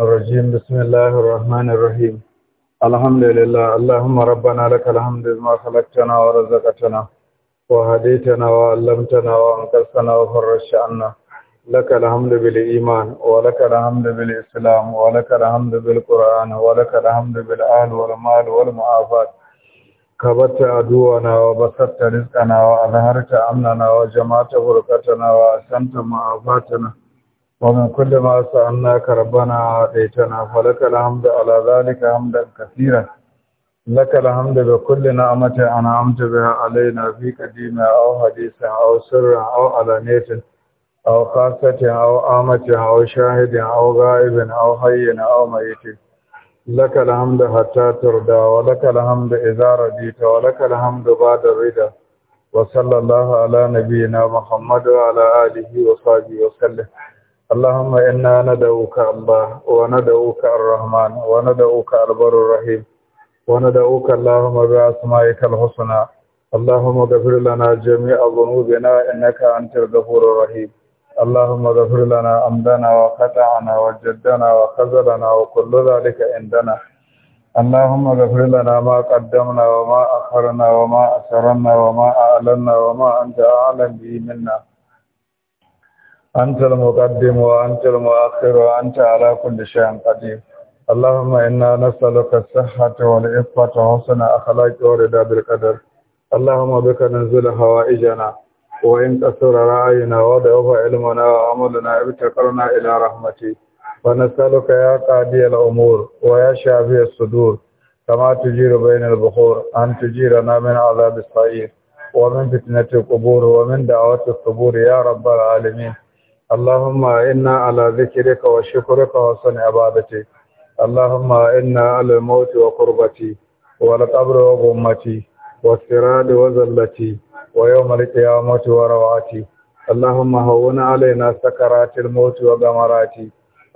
الرجيم بسم الله الرحمن الرحيم الحمد لله اللهم ربنا لك الحمد ما خلقتنا ورزقتنا وهديتنا وعلمتنا وانقذتنا وفرجت عنا لك الحمد بالإيمان ولك الحمد بالإسلام ولك الحمد بالقرآن ولك الحمد بالأهل والمال والمعافات كبت عدونا وبسطت رزقنا وأظهرت أمننا وجمعت بركتنا وأحسنت معافاتنا ومن كل ما سألناك ربنا عاديتنا فلك الحمد على ذلك حمدا كثيرا لك الحمد بكل نعمة أنعمت بها علينا في قديمة أو حديثة أو سرة أو علانية أو خاصة أو آمة أو شاهد أو غائب أو حي أو ميت لك الحمد حتى ترضى ولك الحمد إذا رضيت ولك الحمد بعد الرضا وصلى الله على نبينا محمد وعلى آله وصحبه وسلم اللهم إنا ندعوك الله وندعوك الرحمن وندعوك البر الرحيم وندعوك اللهم بأسمائك الحسنى اللهم اغفر لنا جميع ذنوبنا إنك أنت الغفور الرحيم اللهم اغفر لنا أمدنا وخطأنا وجدنا وخزلنا وكل ذلك عندنا اللهم اغفر لنا ما قدمنا وما أخرنا وما أسررنا وما أعلنا وما أنت أعلم به منا أنت المقدم وأنت المؤخر وأنت على كل شيء قدير اللهم إنا نسألك الصحة والعفة وحسن أخلاق ورضا بالقدر اللهم بك ننزل حوائجنا وإن كثر رأينا وضعف علمنا وعملنا ابتقرنا إلى رحمتك ونسألك يا قاضي الأمور ويا شافي الصدور كما تجير بين البخور أن تجيرنا من عذاب الصعيد ومن فتنة القبور ومن دعوة الصبور يا رب العالمين اللهم إنا على ذكرك وشكرك وحسن عبادتك اللهم إنا على الموت وقربتي والقبر وغمتي والسراد وزلتي ويوم القيامة وروعتي اللهم هون علينا سكرات الموت وغمراتي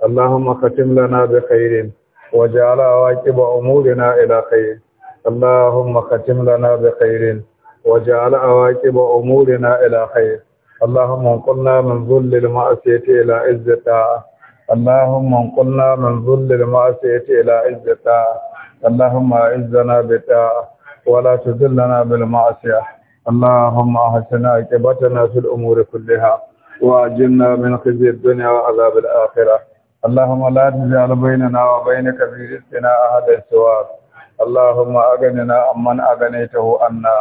اللهم ختم لنا بخير وجعل عواقب أمورنا إلى خير اللهم ختم لنا بخير وجعل عواقب أمورنا إلى خير اللهم انقلنا من ذل المعصية إلى عز اللهم انقلنا من ذل المعصية إلى عز اللهم اعزنا بالطاعة ولا تذلنا بالمعصية اللهم احسنا عاقبتنا في الأمور كلها وأجلنا من خزي الدنيا وعذاب الآخرة اللهم لا تجعل بيننا وبينك في رزقنا أحدا سواك اللهم أغننا عمن أغنيته عنا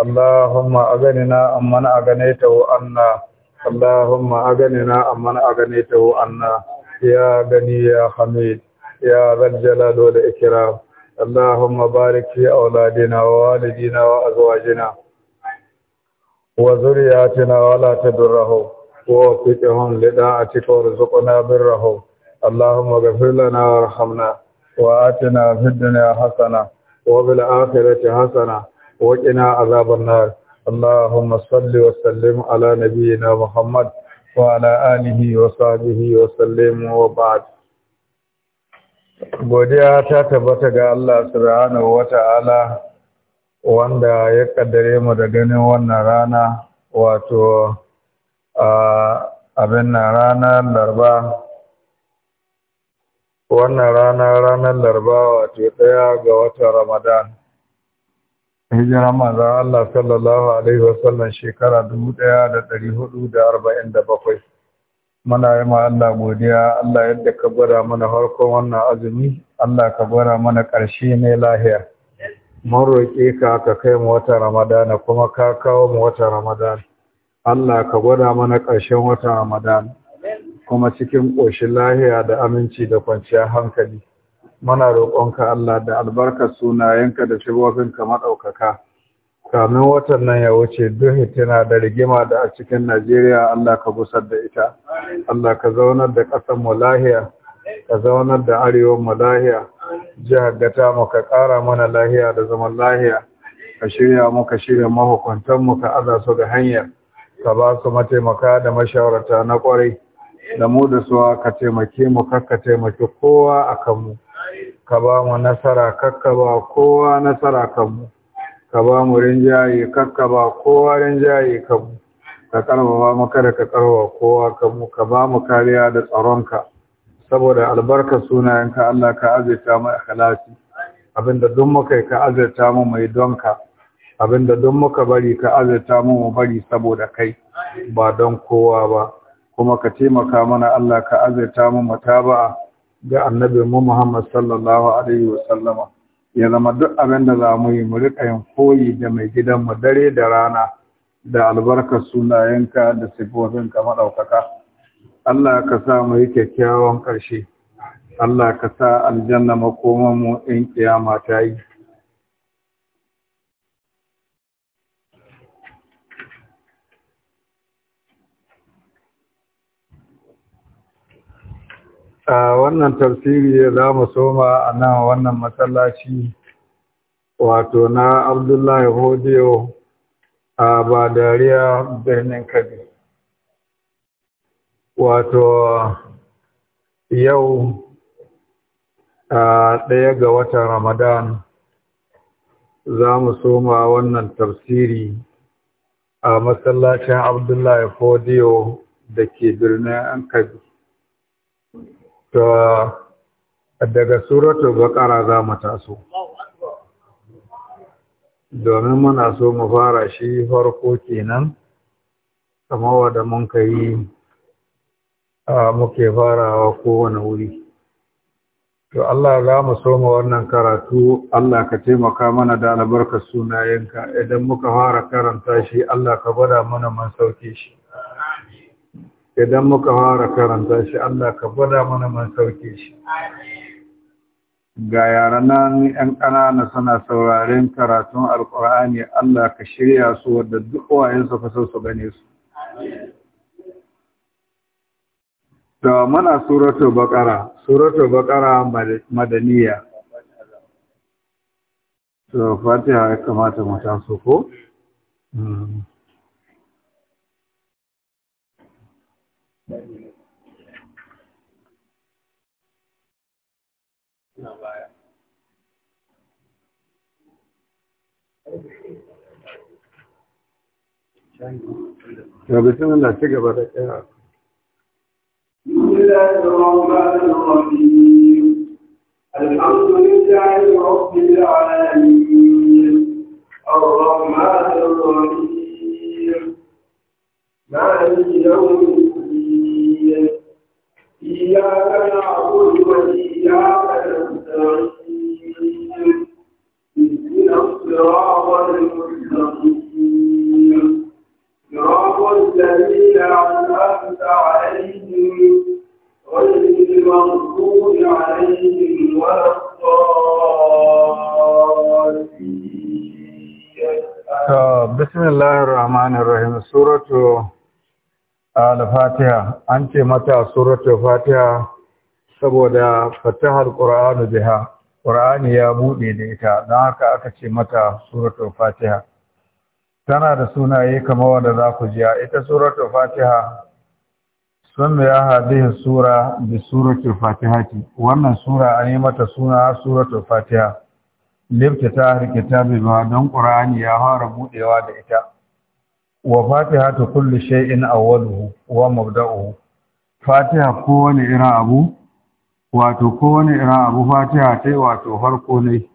اللهم أغننا عمن أغنيته عنا اللهم أغننا عمن أغنيته عنا يا غني يا حميد يا ذا الجلال والإكرام اللهم بارك في أولادنا ووالدينا وأزواجنا وذرياتنا ولا تدرهم ووفقهم لداعتك وارزقنا بره اللهم اغفر لنا وارحمنا وآتنا في الدنيا حسنة وفي الآخرة حسنة وقنا عذاب النار اللهم صل وسلم على نبينا محمد وعلى آله وصحبه وسلم وبعد godiya ta tabbata ga Allah subhanahu wata'ala wanda ya kaddare mu da ganin wannan rana wato a abin na ranar larba wannan rana ranar larba wato daya ga watan ramadan hijira manzan Allah sallallahu Alaihi wasallam shekara bakwai. muna yi ma Allah godiya Allah yadda ka gwada mana harkon wannan azumi Allah ka gwada mana ƙarshe ne lahiya mun roƙe ka ka kai mu wata ramadana kuma ka kawo mu wata ramadana Allah ka gwada mana ƙarshen wata ramadana kuma cikin ƙoshin lahiya da aminci da kwanciyar hankali muna roƙonka Allah da albarka suna yanka da shigofinka maɗaukaka kamin watan nan ya wuce duhi tana da rigima da a cikin Najeriya Allah ka gusar da ita Allah ka zaunar da ƙasar mu lahiya ka zaunar da arewa mu lahiya jihar gata mu ka ƙara mana lahiya da zaman lahiya ka shirya muka shirya mahukuntan mu ka aza su ga hanya ka ba su mataimaka da mashawarta na ƙwarai da mu da suwa ka taimake mu kakka taimaki kowa a kanmu ka ba mu nasara kakka ba kowa nasara kanmu ka ba mu rinjaye kakka ba kowa rinjaye kanmu ka karfafa mu kada ka karba kowa kanmu ka ba mu kariya da tsaronka saboda albarka sunayenka Allah ka azurta mu ikhlasi abinda duk muka ka azirta mu mai donka abinda duk muka bari ka azirta mu mu bari saboda kai ba don kowa ba kuma ka taimaka mana Allah ka azirta mu mutaba'a ga annabi mu Muhammad sallallahu alaihi wa sallama ya zama duk abin da za mu yi mu rika yin koyi da mai gidan mu dare da rana da albarkar sunayenka da sifofinka madaukaka Allah ka sa mu yi kyakkyawan ƙarshe Allah ka sa aljanna makoman mu in kiyama ta yi a wannan tafsiri za mu soma a nan wannan matsalaci wato na abdullahi hodiyo a dariya birnin kabi wato yau a ɗaya ga watan ramadan za mu soma wannan tafsiri a masallacin abdullahi hodiyo da ke birnin kabi to daga suratul baqara za mu taso domin muna so mu fara shi farko kenan kamar wadda mun ka yi muke farawa kowane wuri to Allah za mu so soma wannan karatu Allah ka taimaka mana da albarkar sunayenka idan muka fara karanta shi Allah ka gwada mana mun sauke shi idan muka fara karanta shi Allah ka gwada mana man sauke shi ga yaran nan yan ƙanana suna sauraren karatun alƙur'ani Allah ka shirya su wadda duk wayensu su su gane su da mana suratul baqara suratul baqara madaniya to fatiha ya kamata mu taso ko hmm. بسم الله تقبل بسم الله الرحمن الرحيم الحمد لله رب العالمين الرحمن الرحيم مالك يوم إياك نعبد وإياك نستعين اهدنا الصراط المستقيم صراط الذين أنعمت عليهم fatiha an ce mata suratul fatiha saboda fatahar qur'anu biha qur'ani ya bude da ita don haka aka ce mata suratul fatiha tana da sunaye kamar wanda za ku ji ita suratul fatiha sunna hadihi sura bi suratul fatihati wannan sura an yi mata suna suratul fatiha libtata kitabi ba don qur'ani ya fara budewa da ita wa fatihatu kulli shay'in awwaluhu wa mabda'uhu fatiha wani irin abu wato ko wani irin abu fatiha tai wato farko ne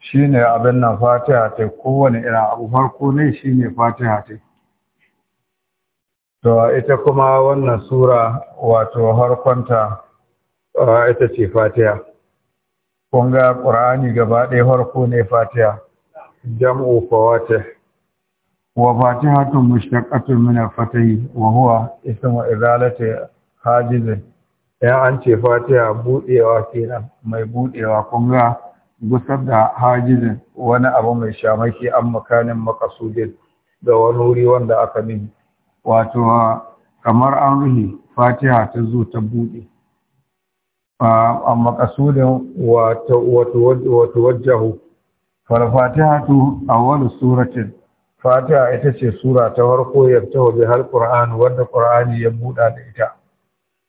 shine abin nan fatiha Ko wani irin abu farko ne shine fatiha tai to ita kuma wannan sura wato harkonta ita ce fatiha kun ga qur'ani gaba ɗaya farko ne fatiha jam'u fawatih وفاتحة مشتقة من الفتح وهو اسم إزالة حاجز يا أنت فاتحة بوئي وكينا ما بوئي وكمغا gusar da hajizin wani abu mai shamaki an makanin makasudin da wani wuri wanda aka nemi wato kamar an ruhi fatiha ta zo ta buɗe a makasudin wato wajahu fal fatihatu awwalu suratin fatiha ita ce sura ta farko yaftahu bi har qur'an wanda qur'an ya buɗa da ita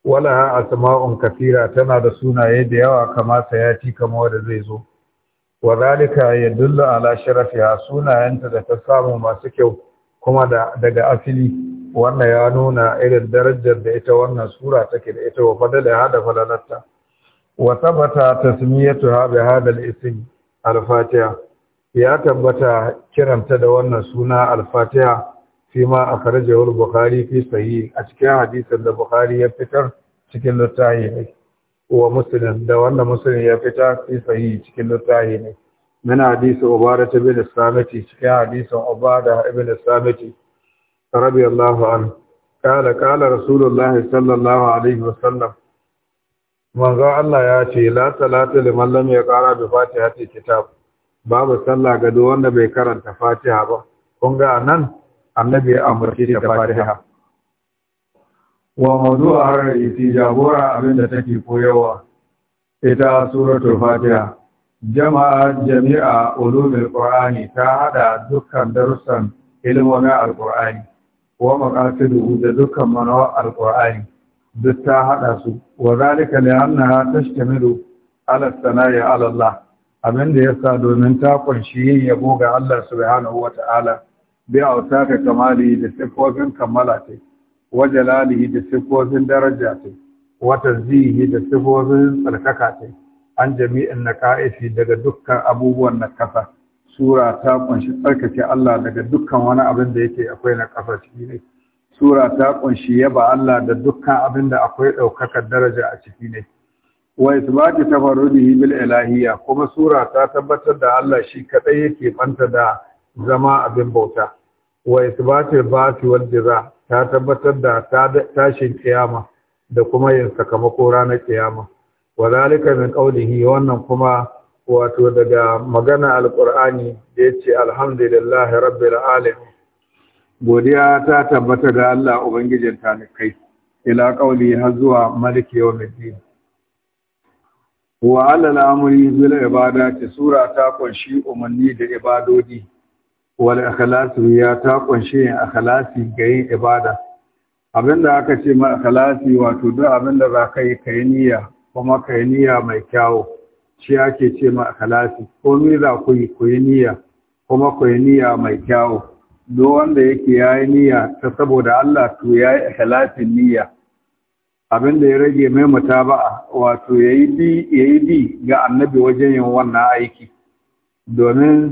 wala asma'un kathira tana da sunaye da yawa kama sayati kama wanda zai zo wa zalika yadullu ala sharafiha sunayenta da ta samu masu kyau kuma da daga asili wannan ya nuna irin darajar da ita wannan sura take da ita wa fadala hada fadalarta wa tabata tasmiyatuha bi hadal al-fatiha ya tabbata kiranta da wannan suna Alfatiya fi ma a al-bukhari fi sahih a cikin hadisar da bukhari ya fitar cikin littahi ne wa musulun da wannan musulun ya fitar fi sahih cikin littahi ne min hadisi ubara bin samiti cikin hadisin ubada ibn samiti rabi allah قال قال kala الله صلى الله عليه وسلم manzo Allah ya ce la salata liman lam yaqra bi fatihati kitab babu sallah ga duk wanda bai karanta fatiha ba kun ga nan annabi ya amurce da fatiha wa mawdu'ar iti jagora abinda take koyawa ita suratul fatiha jama'a jami'a ulumul qur'ani ta hada dukkan darussan al alqur'ani wa maqasidu da dukkan al alqur'ani duk ta hada su wa zalika li annaha tashtamilu ala sanaya ala Allah abin da ya sa domin ta kunshi yin yabo ga Allah subhanahu wata'ala bi autaka kamali da sifofin kammala ta wa jalalihi da sifofin daraja ta wa zihi da sifofin tsarkaka ta an jami'in ka’ifi daga dukkan abubuwan na kasa, sura ta kunshi tsarkake Allah daga dukkan wani abin da yake akwai na kasa ciki ne sura ta kunshi yaba Allah da dukkan abin da akwai ɗaukakar daraja a ciki ne wa isbati tafarrudihi bil ilahiyya kuma sura ta tabbatar da Allah shi kadai yake fanta da zama abin bauta wa isbati ba'thi wal jaza ta tabbatar da tashin kiyama da kuma yin sakamako ranar kiyama wa zalika min qawlihi wannan kuma wato daga magana alqur'ani da yace alhamdulillahi rabbil alamin godiya ta tabbata ga Allah ubangijin kai, ila qawli har zuwa maliki yawmiddin wa alal amri bil ibadati sura ta kunshi umarni da ibadodi wal ikhlas ya ta kunshi yin ikhlasi ga yin ibada abinda aka ce ma ikhlasi wato duk abinda za ka yi kai niyya kuma kai niyya mai kyau shi ake ce ma ikhlasi komai za ku yi ku niyya kuma ku niyya mai kyau duk wanda yake yayi niyya ta saboda Allah to yayi ikhlasin niyya abin da ya rage mai mata mutaba'a wato yayi bi bi ga annabi wajen yin wannan aiki domin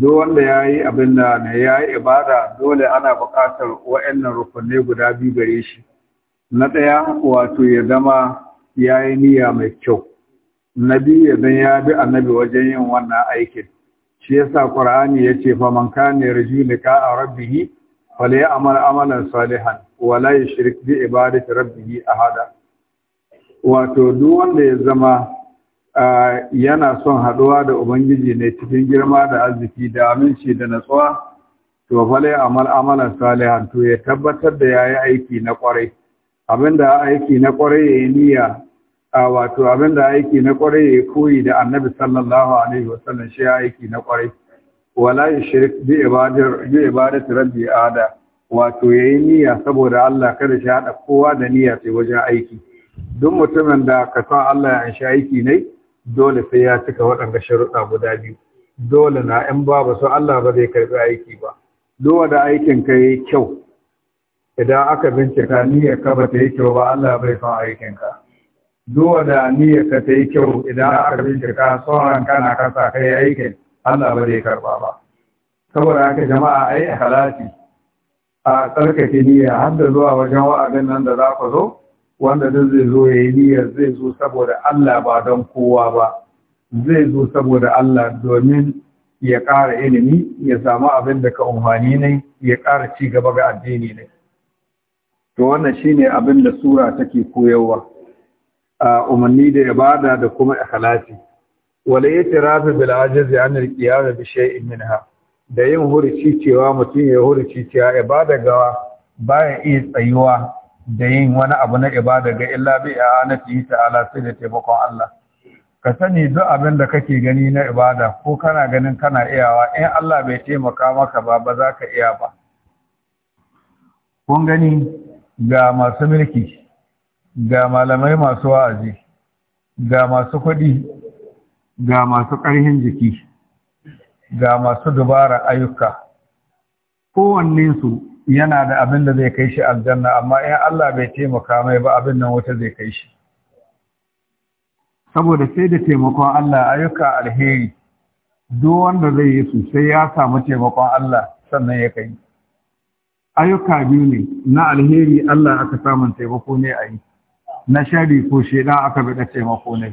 duk wanda ya yi abin da na ya yi ibada dole ana buƙatar wa'annan rukunai guda biyu gare shi na ɗaya wato ya zama ya yi niyya mai kyau na biyu ya zan ya bi annabi wajen yin wannan aikin shi yasa qur'ani ya ce fa man kana yarju lika rabbihi faly'amal amalan salihan wala shirki bi ibadati rabbih ahada wato duk wanda ya zama yana son haduwa da ubangiji ne cikin girma da arziki da aminci da natsuwa to lai amal amalan salihan to ya tabbatar da yayi aiki na kwarai abinda aiki na kwarai yayi niyya A wato abinda aiki na kwarai yayi koyi da annabi sallallahu alaihi wasallam shi aiki na kwarai wala yushrik bi ibadati bi ibadati rabbi ahada wato ya yi niyya saboda Allah kada shi haɗa kowa da niyya sai wajen aiki duk mutumin da ka san Allah ya anshi aiki ne dole sai ya cika waɗanda sharuɗa guda biyu dole na in babu su Allah ba zai karɓi aiki ba duk da aikin ka yi kyau idan aka bincika niyyar ka ba ta yi kyau ba Allah bai san aikin ka duk da niyyar ka ta yi kyau idan aka bincika sauran kana kasa kai aikin Allah ba zai karɓa ba saboda haka jama'a ai halati a tsarkake niyya har da zuwa wajen wa'adin nan da za ku zo wanda duk zai zo ya yi niyyar zai zo saboda Allah ba don kowa ba zai zo saboda Allah domin ya ƙara ilimi ya samu abin da ka umarni ne ya ƙara ci gaba ga addini ne to wannan shine abin da sura take koyarwa a umarni da ibada da kuma ikhlasi wala yatirafu bil ajizi an al qiyam bi shay'in minha da yin hurici cewa mutum ya hurici cewa ibada gawa bayan iya tsayuwa da yin wani abu na ibada ga illa bi yi ta'ala sai da taimakon Allah ka sani duk abin da kake gani na ibada ko kana ganin kana iyawa in Allah bai taimaka maka ba ba za ka iya ba kun gani ga masu mulki ga malamai masu wa'azi ga masu kuɗi ga masu ƙarhin jiki ga masu dubara ayyuka kowannensu yana da abin da zai kai shi aljanna amma in Allah bai taimaka mai ba abin nan wata zai kai shi saboda sai da taimakon Allah ayyuka alheri duk wanda zai yi su sai ya samu taimakon Allah sannan ya kai ayyuka biyu ne na alheri Allah aka samun taimako ne a yi na shari ko shedan aka da taimako ne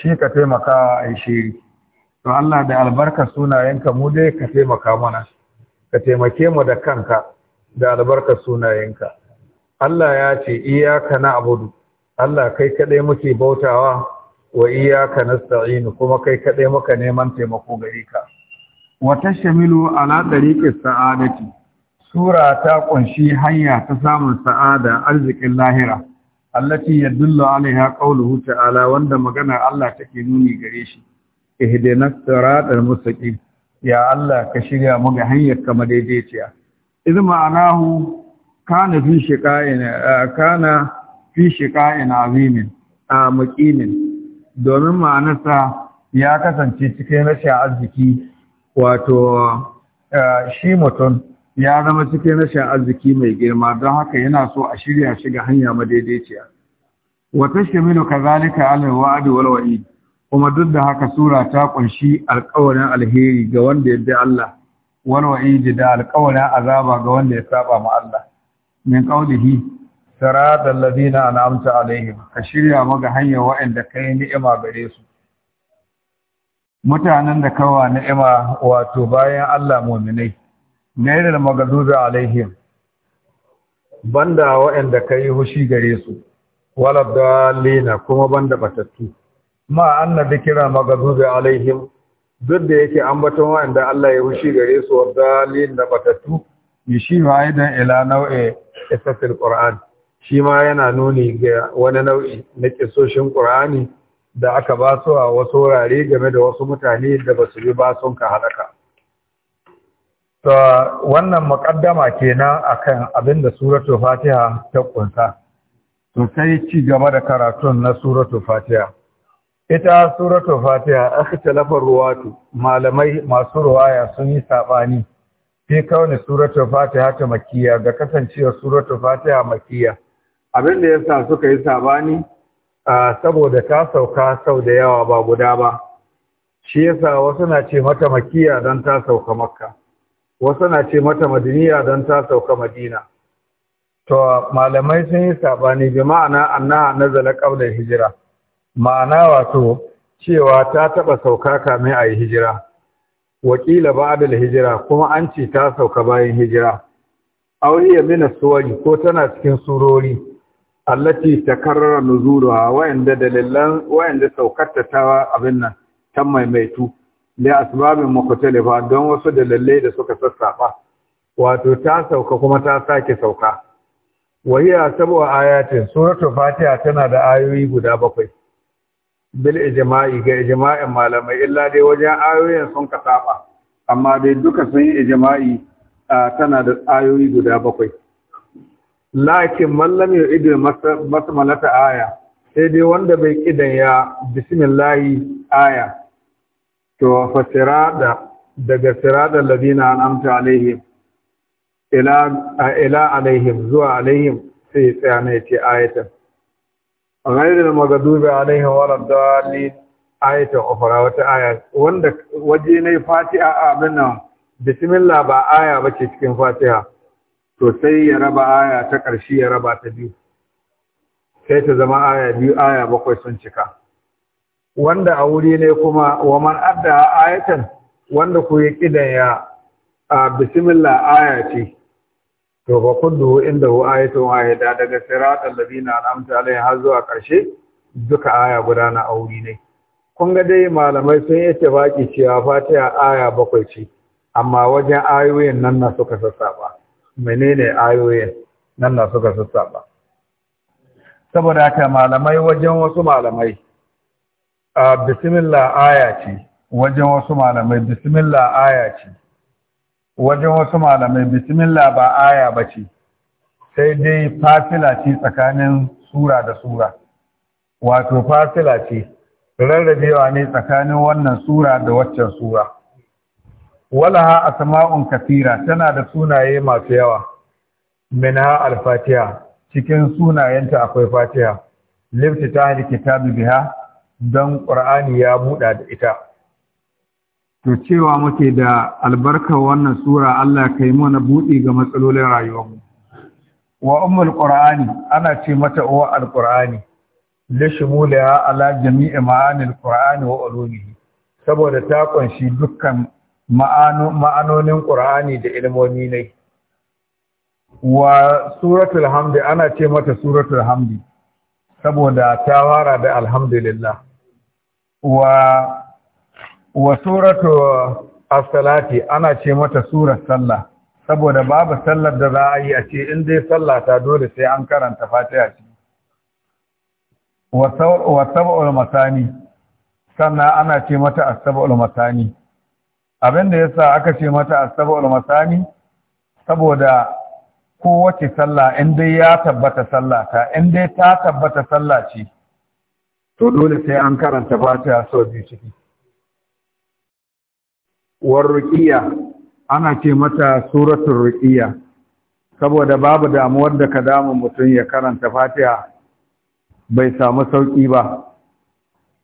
shi ka taimaka a yi shiri to Allah da albarka sunayenka mu dai ka taimaka mana ka taimake mu da kanka da albarka sunayenka Allah ya ce iyyaka na'budu Allah kai kadai muke bautawa wa iyyaka nasta'in kuma kai kadai muka neman taimako gare ka wa tashmilu ala tariqis sa'adati sura ta kunshi hanya ta samun sa'ada arzikin lahira allati yadullu alaiha qawluhu ta'ala wanda magana Allah take nuni gare shi ihdinas siratal mustaqim ya Allah ka shirya mu ga hanyar ka madaidaiciya idan hu kana fi shiqa'in kana fi shiqa'in azimin a muqimin domin ma'anarsa ya kasance cikin rashin arziki wato shi mutum ya zama cikin rashin arziki mai girma don haka yana so a shirya shiga hanya madaidaiciya wata shimilu kazalika alal wa'di wal wa'id kuma duk da haka sura ta kunshi alƙawarin alheri ga wanda ya bi Allah wani ji da alƙawarin azaba ga wanda ya saba ma Allah min qaulihi sirata allazina an'amta alaihim ka shirya maga hanyar wa'anda kai ni'ima gare su mutanen da kawa ni'ima wato bayan Allah mu'minai gairar magaduza alaihim banda wa'anda kai hushi gare su walad dalina kuma banda batattu ma annabi kira maghdubi alaihim duk da yake ambaton wanda Allah ya wushi gare su wadalin da batatu yushiru aidan ila nau'i isatil qur'an shi ma yana nuni ga wani nau'i na kisoshin qur'ani da aka ba su a wasu wurare game da wasu mutane da ba su bi ba sun ka halaka ta wannan muqaddama kenan akan abin da suratul fatiha ta kunsa to ci gaba da karatun na suratul fatiha ita suratu fatiha talafar ruwatu malamai masu ruwaya sun yi sabani fi kauni suratu fatiha ta Makiya, ga kasancewar suratu fatiha makiya abin da yasa suka yi sabani saboda ta sauka sau da yawa ba guda ba shi yasa wasu na ce mata Makiya don ta sauka makka wasu na ce mata madiniya don ta sauka madina to malamai sun yi sabani bi ma'ana annaha nazala qabla hijira ma'ana wato cewa ta taɓa sauka kamin a yi hijira wakila ba da hijira kuma an ce ta sauka bayan hijira auriya mina suwari ko tana cikin surori allati ta karrara nuzuruwa wayanda dalilan wayanda saukarta ta abin nan ta maimaitu da asbabin ba don wasu dalilai da suka sassafa wato ta sauka kuma ta sake sauka wahiya saboda ayatin suratul fatiha tana da ayoyi guda bakwai bil ijma'i ga ijma'in malamai illa dai wajen ayoyin sun ka saba amma dai duka sun yi ijma'i tana da ayoyi guda bakwai lakin mallam ya ido masmalata aya sai dai wanda bai kidan ya bismillahi aya to fa sirada daga sirada ladina an'amta alaihim ila ila alaihim zuwa alaihim sai tsaya ne ce ayatan ghairil maghdubi alaihim waladdallin ayatu ukhra wata aya wanda waje ne fatiha abin nan bismillah ba aya bace cikin fatiha to sai ya raba aya ta ƙarshe ya raba ta biyu sai ta zama aya biyu aya bakwai sun cika wanda a wuri ne kuma wa man adda ayatan wanda ku ya kidan ya bismillah aya ce to fa kullu inda hu ayatu wahida daga siratal ladina an'amta alaihim har zuwa karshe duka aya guda na auri ne kun ga dai malamai sun yi baki cewa fatiha aya bakwai ce amma wajen ayoyin nan na suka sassaba menene ayoyin nan na suka sassaba saboda haka malamai wajen wasu malamai a bismillah aya ce wajen wasu malamai bismillah aya ce wajen wasu malamai bismillah ba aya ba ce sai dai fasila ce tsakanin sura da sura wato fasila ce rarrabewa ne tsakanin wannan sura da waccan sura walaha Sama'un kafira tana da sunaye masu yawa minha alfatiha cikin sunayenta akwai fatiha liftita kitabi biha don qur'ani ya buɗa da ita to cewa muke da albarkar wannan sura Allah ka yi mana buɗi ga matsalolin rayuwarmu wa ummul qur'ani ana ce mata uwa alqur'ani li shumuliha ala jami'i ma'anil qur'ani wa ulumihi saboda ta ƙunshi dukkan ma'anonin qur'ani da ilmomi ne wa suratul hamdi ana ce mata suratul hamdi saboda ta fara da alhamdulillah wa wa suratu as-salati ana ce mata surar sallah saboda babu sallar da za a yi a ce in dai sallah ta dole sai an karanta fatiha ce wa sab'ul masani sannan ana ce mata as-sab'ul masani da yasa aka ce mata as-sab'ul masani saboda kowace sallah in dai ya tabbata sallah ta in dai ta tabbata sallah ce to dole sai an karanta fatiha sau biyu ciki war ruqiya ana ce mata suratul ruqiya saboda babu damuwar da ka damu mutum ya karanta Fatiha bai samu sauki ba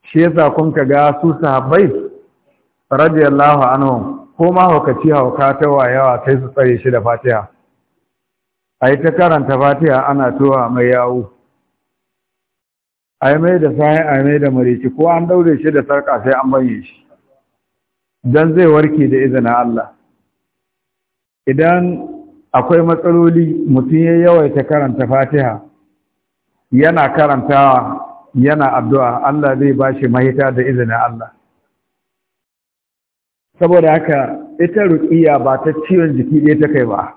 shi yasa kun ka ga su sahabbai radiyallahu anhum ko ma hukaci hauka ta wayawa sai su tsare shi da Fatiha ai ta karanta Fatiha ana towa mai yawo ai mai da sai ai mai da mariki ko an daure shi da sarka sai an banye shi don zai warke da izinin Allah idan akwai matsaloli mutum ya yawaita karanta fatiha yana karantawa yana addu'a Allah zai ba shi mahita da izinin Allah saboda haka ita ruƙiya ba ta ciwon jiki ɗaya ta kai ba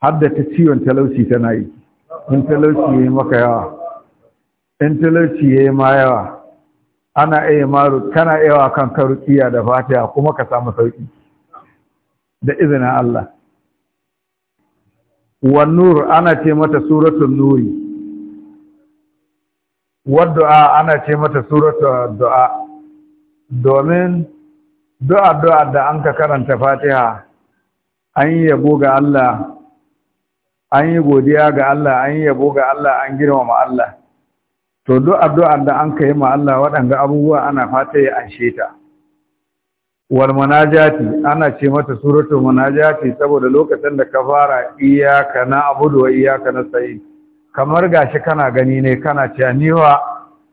har da ta ciwon talauci tana yi in talauci ya yi maka yawa in talauci ya yi ma yawa ana iya maru kana iya wa kanka rukiya da fatiha kuma ka samu sauki da izinin Allah wan nur ana ce mata suratul nuri du'a ana ce mata suratul du'a domin du'a du'a da an ka karanta fatiha an yi yabo ga Allah an yi godiya ga Allah an yi yabo ga Allah an girmama Allah to duk addu'ar da an ka yi ma Allah waɗanga abubuwa ana fata ya anshe ta wal munajati ana ce mata suratul munajati saboda lokacin da ka fara iyyaka na'budu wa iyyaka nasta'in kamar gashi kana gani ne kana cewa ni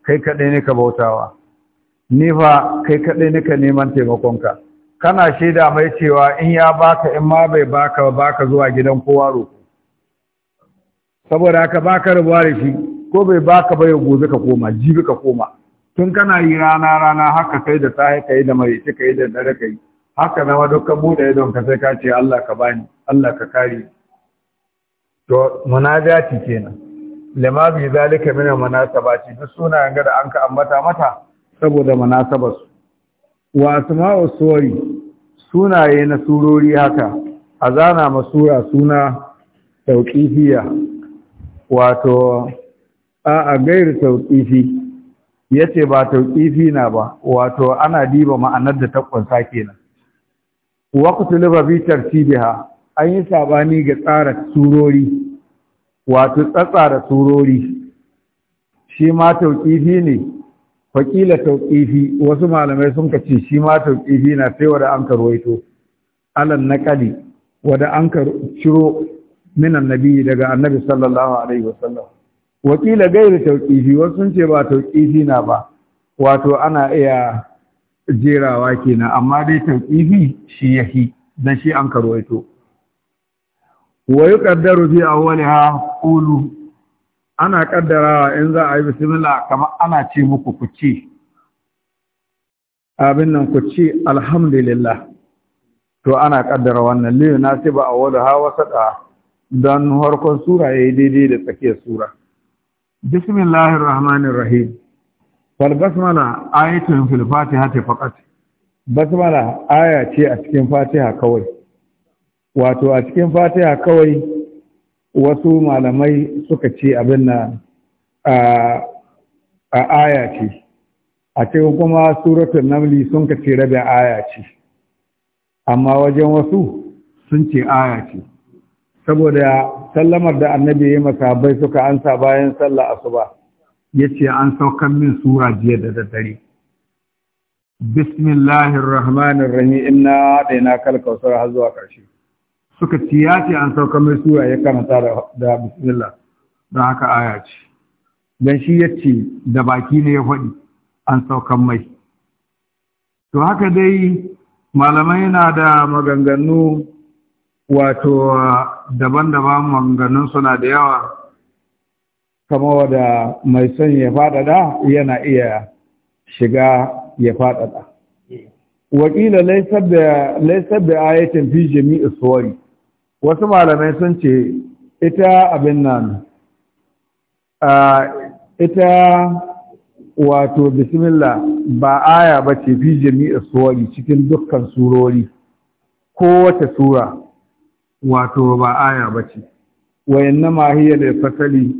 kai kadai ne ka bautawa ni fa kai kadai ne ka neman taimakonka kana shaida mai cewa in ya baka in ma bai baka baka zuwa gidan kowa roƙo saboda haka baka rubuwa da shi ko bai baka ba ya gobe ka koma jibi ka koma tun kana yi rana rana haka kai da ka kai da mai ka kai da dare kai haka na dukkan buɗe idon ka sai ka ce Allah ka bani Allah ka kare to munajati kenan lama bi zalika min munasabati duk suna ga da an ka ambata mata saboda munasabar su wa asma'u suwari sunaye na surori haka azana masura suna tauqifiya wato A'a, gairu tauƙifi ya ce ba tauƙifi na ba wato ana diba ma'anar da takwansa kenan waƙutu libabi tartibiha an yi sabani ga tsara surori wato tsatsara surori shi ma tauƙifi ne faƙila tauƙifi wasu malamai sun kace shi ma tauƙifi na sai wada an karwaito alan naƙali wada an ciro minan nabi daga annabi sallallahu alaihi wasallam wakila gairu tauƙifi wasu sun ce ba tauƙifi na ba wato ana iya jerawa kenan amma dai tauƙifi shi yahi dan shi an karwaito wa yuqaddaru fi awwaliha qulu ana kaddarawa in za a yi bismillah kamar ana ce muku ku ce abin nan ku ce alhamdulillah to ana kaddara wannan liyu na ce ba a wada hawa sada don harkon sura ya yi daidai da tsakiyar sura bismillahir rahmanir rahim الرحيم basmala آية في الفاتحة فقط basmala aya ce a cikin fatiha kawai wato a cikin fatiha kawai wasu malamai suka ce abin na a aya ce a cikin kuma suratul namli sun ka ce rabin amma wajen wasu sun ce aya saboda sallamar da annabi ya masa, bai suka ansa bayan sallah asuba Ya ce an saukan min sura jiya da daddare bismillahir rahmanir rahim inna adaina kalkausar har zuwa karshe suka ce an saukan min sura ya karanta da bismillah don haka aya ce don shi ya ce da baki ne ya faɗi an saukan mai to haka dai malamai na da maganganu wato daban-daban maganganun suna da yawa kama wada mai son ya faɗaɗa yana iya shiga ya faɗaɗa wakila laisar da ayatin fi jami'i suwari wasu malamai sun ce ita abin nan ita wato bismillah ba aya ba ce fi jami'i suwari cikin dukkan surori ko wata sura wato ba aya ba ce na mahiyar da fasali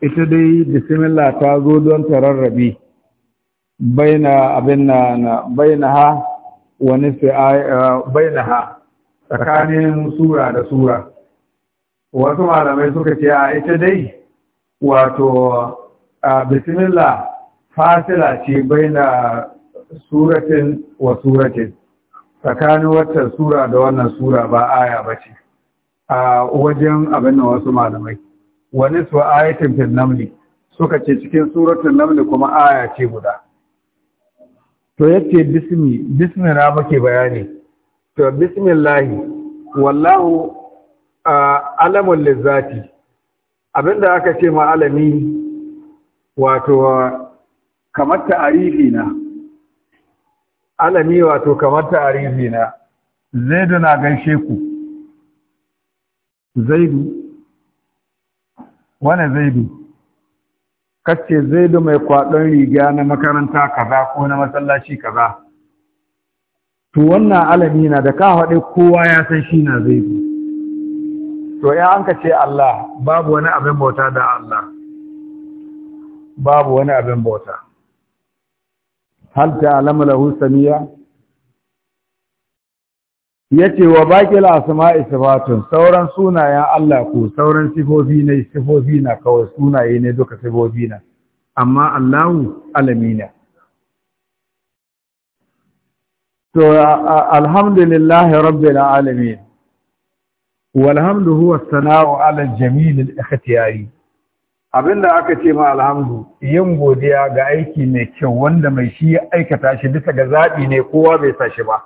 ita dai bisimila ta zo don ta rarrabe baina abin na ha, wani ha tsakanin sura da sura wasu malamai suka ce a ita dai wato bisimila fasila ce baina suratin wa suratin tsakanin wata sura da wannan sura ba aya ba ce a wajen abin da wasu malamai wani su ayatin fil namli suka ce cikin suratul namli kuma aya ce guda to yace bismi bismi na muke bayani to bismillahi wallahu alamul lizati abinda aka ce ma alami wato kamar ta'arifi na alami wato kamar ta'arifi na na gaishe ku zaidu wane zaidu kace zaidu mai kwaɗon riga na makaranta kaza ko na masallaci kaza to wannan alami na da ka kowa ya san shi na zaidu to ya an ce Allah babu wani abin bauta da Allah babu wani abin bauta hal ta alamu lahu samiya Ya ce, wa baqil asma'i sifatun sauran sunayen Allah ko sauran sifofi ne sifofi na kawai sunaye ne duka sifofi na amma mu alamina to alhamdulillahi rabbil alamin walhamdu huwa sana'u ala jamil al Abin da aka ce ma alhamdu yin godiya ga aiki mai kyau wanda mai shi ya aikata shi bisa ga zaɓi ne kowa bai sa shi ba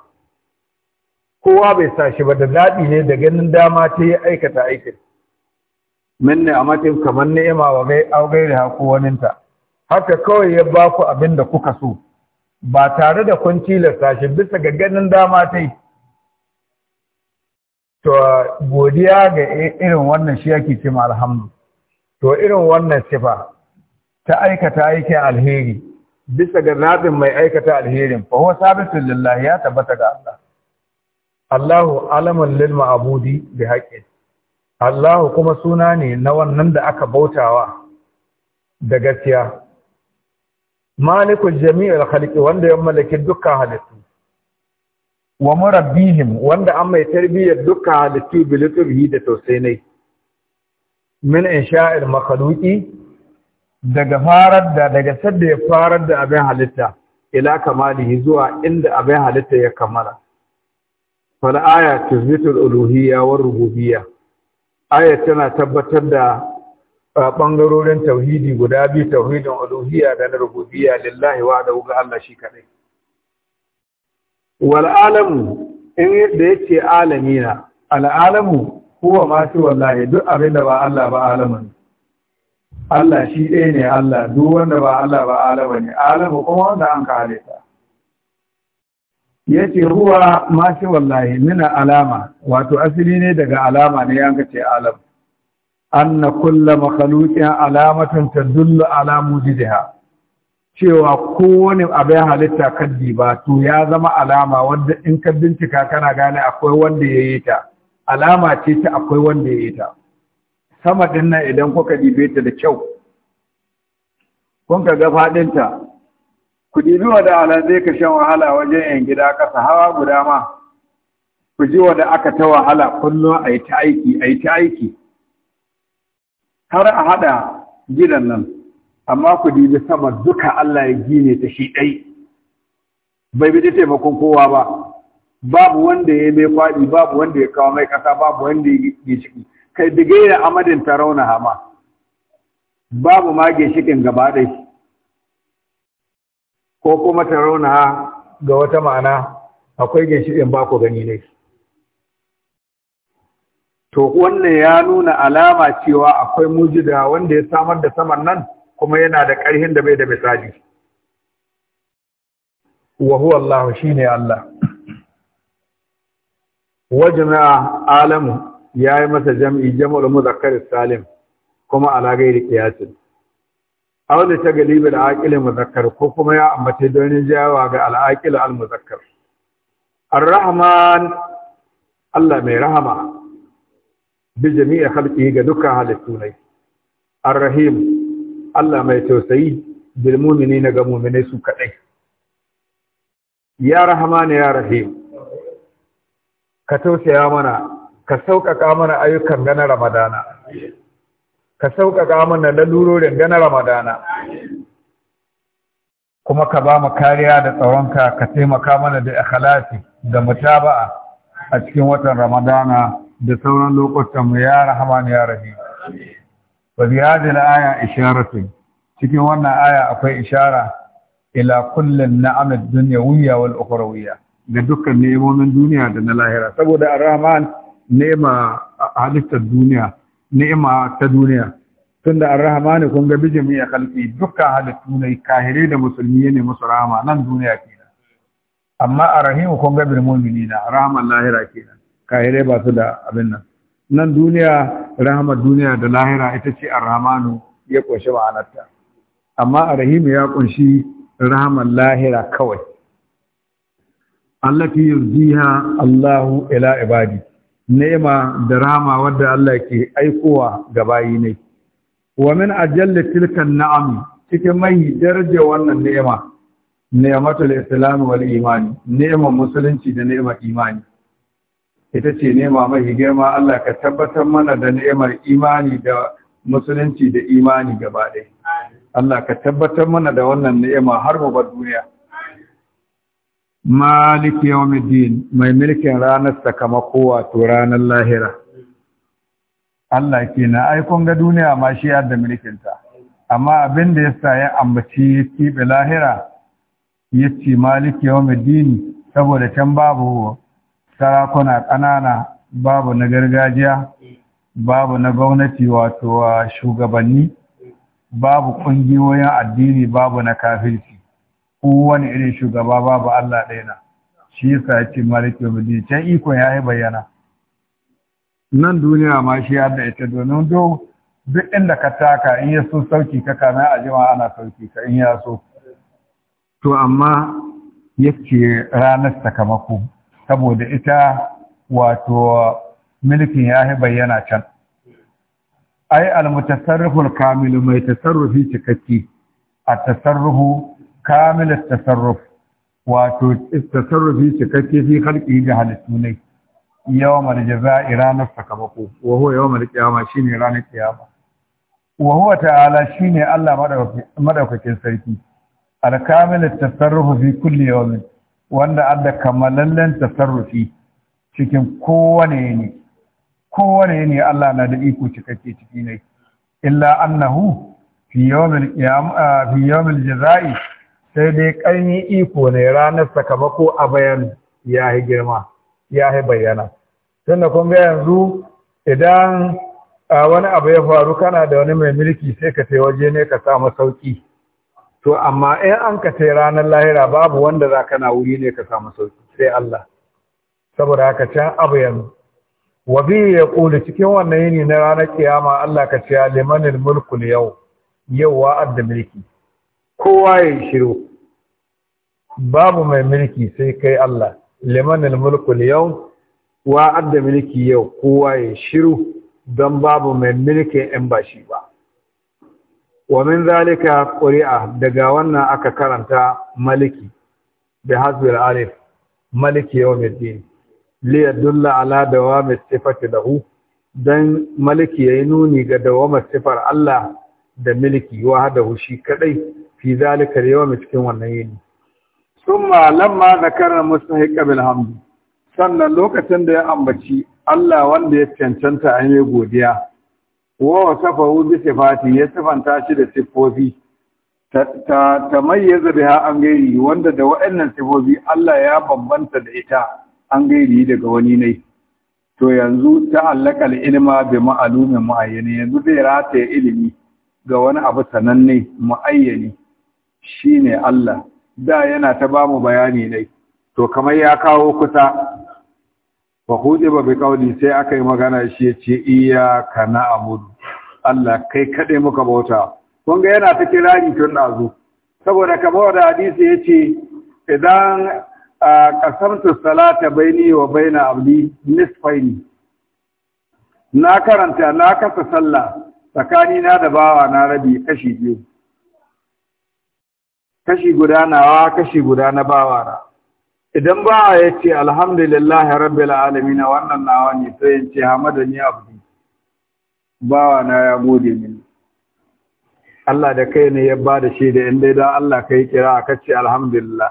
kowa bai sa shi ba da zaɓi ne da ganin dama ta yi aikata aikin min ne a matin kamar ni'ima wa gai augairi ha ko waninta haka kawai ya ba ku abin da kuka so ba tare da kun tilasta shi bisa ga ganin dama ta yi to godiya ga irin wannan shi yake ce alhamdu to irin wannan sifa ta aikata aikin alheri bisa ga zaɓin mai aikata alherin fa huwa sabisun lillahi ya tabbata ga Allah Allahu alamun lil ma'budi bi haqqin Allah kuma suna ne na wannan da aka bautawa da gaskiya malikul jami'il khaliqi wanda ya mallaki dukkan halittu wa murabbihim wanda an mai tarbiyyar dukkan halittu bi lutfihi da tausayi min insha'il makhluqi daga farar da daga sadda ya farar da abin halitta ila kamalihi zuwa inda abin halitta ya kammala fal aya tuzbitul uluhiyya war rububiyya aya tana tabbatar da bangarorin uh, tauhidi guda biyu tauhidin uluhiyya da na rububiyya lillahi wa da ga Allah shi kadai wal alamu in da yake alamina al alamu huwa ma shi wallahi duk abin da ba Allah ba alamin Allah shi ɗaya ne Allah duk wanda ba Allah ba alama ne alamu kuma wanda an ka ta ya ce ruwa mashi wallahi mina alama wato asali ne daga alama ne ya ce alam anna kulla makhluqin alamatan tadullu ala mujidiha cewa kowane abin halitta kaddi ba to ya zama alama wanda in ka bincika kana gane akwai wanda ya yi ta alama ce ta akwai wanda ya yi ta sama din idan kuka dibe ta da kyau kun ka ga fadinta ku dibi wada zai ka shan wahala wajen yan gida kasa hawa guda ma ku ji wada aka ta wahala kullum a yi ta aiki a yi ta aiki har a haɗa gidan nan amma ku dibi sama duka Allah ya gine ta shi ɗai bai bi taimakon kowa ba babu wanda ya mai kwaɗi babu wanda ya kawo mai ƙasa babu wanda ya ciki kai digaira amadin tarauna hama babu ma ginshikin gaba ɗai ko kuma ta rauna ga wata ma'ana akwai ginshiɗin ba ku gani ne to wannan ya nuna alama cewa akwai mujida wanda ya samar da saman nan kuma yana da ƙarhin da bai da misali Wahu Allah shi ne Allah wajma'a alamu ya yi masa jam'i jam'ul muzakkar salim kuma alagai da qiyasin aula ta galibi da aqil muzakkar ko kuma ya ambace don jawa ga al-aqil al-muzakkar ar-rahman Allah mai rahama bi jami'i khalqi ga duka halittu ne ar-rahim Allah mai tausayi bil mu'minina ga mu'minai su kadai ya rahman ya rahim ka tausaya mana ka sauƙaƙa mana ayyukan gana ramadana ka sauƙaƙa mana lalurorin gana ramadana kuma ka ba mu kariya da tsaronka ka taimaka mana da ikhlasi da mutaba'a a cikin watan ramadana da sauran lokutan mu ya rahman ya rahim wa bi hadhihi al-aya isharatu cikin wannan aya akwai ishara ila kulli ni'am ad-dunyawiyya wal ukhrawiyya ga dukkan ni'imomin duniya da na lahira saboda ar-rahman a halittar duniya ni'ima ta duniya tunda ar-rahmanu kun ga bijimi ya kalbi dukkan halittu ne kahire da musulmi ne musu rahama nan duniya kenan amma ar-rahimu kun ga bil mu'minina rahama lahira kenan kahire ba su da abin nan nan duniya rahama duniya da lahira ita ce ar-rahmanu ya koshi ma'anarta amma ar-rahimu ya kunshi rahaman lahira kawai allati yurdiha Allahu ila ibadi nema da rama wadda Allah ke aikowa ga bayi ne wa min ajalli tilkan na'am cikin mai daraja wannan nema ni'matul islam wal imani nema musulunci da nema imani ita ce nema mai girma Allah ka tabbatar mana da ni'imar imani da musulunci da imani gaba Allah ka tabbatar mana da wannan ni'ima har mu bar duniya maliki yawmiddin mai mulkin ranar sakamako wato ranar lahira Allah ke na aikon ga duniya ma shi yadda mulkin ta amma abin da sa ya ambaci tibe lahira yace maliki yawmiddin saboda can babu sarakuna ƙanana babu na gargajiya babu na gwamnati wato shugabanni babu ƙungiyoyin addini babu na kafirci kowane irin shugaba babu Allah ɗaya na shi yasa ya ce maliki yawmiddin can iko ya yi bayyana nan duniya ma shi ya da ita domin do duk inda ka taka in ya so sauki ka kana a jima ana sauki ka in ya so to amma yake ranar sakamako saboda ita wato mulkin ya yi bayyana can ai almutasarriful kamil mai tasarrufi cikakki, a tasarrufu kamilat tasarruf wato tasarrufi cikakke fi halƙi da halittu ne yawmal jaza'i ranar sakamako wa huwa yawmal qiyama shine ranar qiyama wa huwa ta'ala shine Allah madaukakin sarki al-kamil at-tasarrufu fi kulli yawmin wanda adda kamalallen tasarrufi cikin kowane ne kowane ne Allah na da iko cikakke ciki ne illa annahu fi yawmil qiyama fi yawmil jaza'i sai dai ƙarni iko ne ranar sakamako a bayan ya yi girma ya yi bayyana tunda kun ga yanzu idan wani abu ya faru kana da wani mai mulki sai ka ce waje ne ka samu sauki to amma in an ka ce ranar lahira babu wanda za ka na wuri ne ka samu sauki sai Allah saboda haka can abu yanzu wa ya ƙuli cikin wannan yini na ranar kiyama Allah ka ce limanin mulkul yau yau wa'ad da mulki kowa ya shiru babu mai mulki sai kai Allah liman mulkul yau wa adda mulki yau kowa ya shiru don babu mai mulki in ba shi ba wa min zalika quri'a daga wannan aka karanta maliki Da hasbil alif maliki yau mai li yadulla ala mai sifati lahu Don maliki ya yi nuni ga dawama sifar Allah da miliki wahdahu hushi kadai fi zalika yawmi cikin wannan yini summa lamma zakara mustahiq bil hamd sannan lokacin da ya ambaci Allah wanda ya cancanta a yi godiya wa hu bi sifati ya sifanta shi da sifofi ta mayyaza biha an gairi wanda da wa'annan sifofi Allah ya bambanta da ita an gairi daga wani ne to yanzu ta allaka ilma bi ma'alumin ma'ayyani yanzu zai rataya ilimi ga wani abu sananne mu'ayyani Shi ne Allah da yana ta ba mu bayani ne to kamar ya kawo kusa fa ba bi ƙauni sai aka yi magana shi ce yace na abudu, Allah kai kaɗe muka bauta kun ga yana ta kirari tun ɗazu. saboda kamar da hadisi ce idan qasamtu salata baini wa baina abdi nisfaini na karanta na kasa sallah tsakani na da bawa na rabi kashi biyu kashi guda nawa kashi guda na bawara idan bawa ya ce alhamdulillah rabbil alamin wannan nawa ne to ya ce hamadani abdi bawa na ya gode mini Allah da kai ne ya ba da shi da inda idan Allah ka yi kira ka ce alhamdulillah